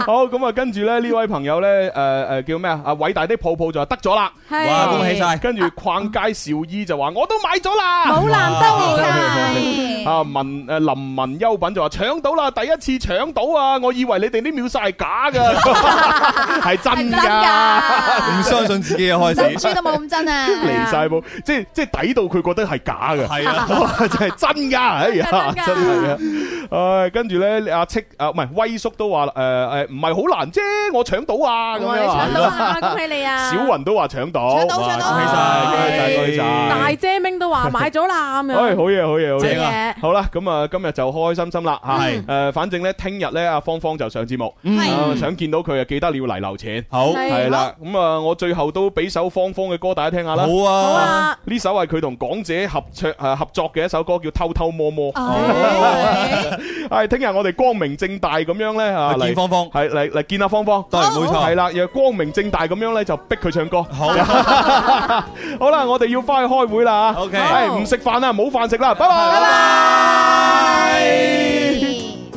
好，咁啊，跟住咧呢位朋友咧，誒、呃、誒叫咩啊？偉大的泡泡就話得咗啦，哇，恭喜晒！跟住逛街少姨就話、啊、我都買咗啦，好難得噶。啊、哎、文誒林文優品就話搶到啦，第一次搶到啊！我以為你哋啲秒殺係假噶，係 真噶。唔相信自己嘅開始，書都冇咁真 開了 啊，離晒譜即係即係抵到佢覺得係假㗎，係啊，真係真噶，哎呀，真係啊，跟住咧阿戚啊，唔係、啊、威叔都話誒誒。呃哎唔係好難啫，我搶到啊咁樣，搶到啦，恭喜你啊！小雲都話搶到，搶到，恭喜晒，恭喜晒！大姐明都話買咗啦咁樣，哎，好嘢，好嘢，好嘢！好啦，咁啊，今日就開開心心啦嚇，誒，反正咧，聽日咧，阿芳芳就上節目，想見到佢啊，記得你要嚟留錢，好係啦。咁啊，我最後都俾首芳芳嘅歌大家聽下啦，好啊，呢首係佢同港姐合唱啊合作嘅一首歌，叫偷偷摸摸。係，聽日我哋光明正大咁樣咧嚇嚟芳芳。嚟嚟嚟見下芳芳，當然冇錯，係啦，光明正大咁樣咧就逼佢唱歌，好， 好啦，我哋要翻去開會啦，OK，唔食飯啦，冇飯食啦，拜拜，拜拜。拜拜。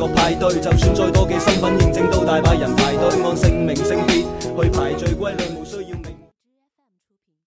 個派對，就算再多嘅身份認證，都大把人排隊按姓名性別去排隊。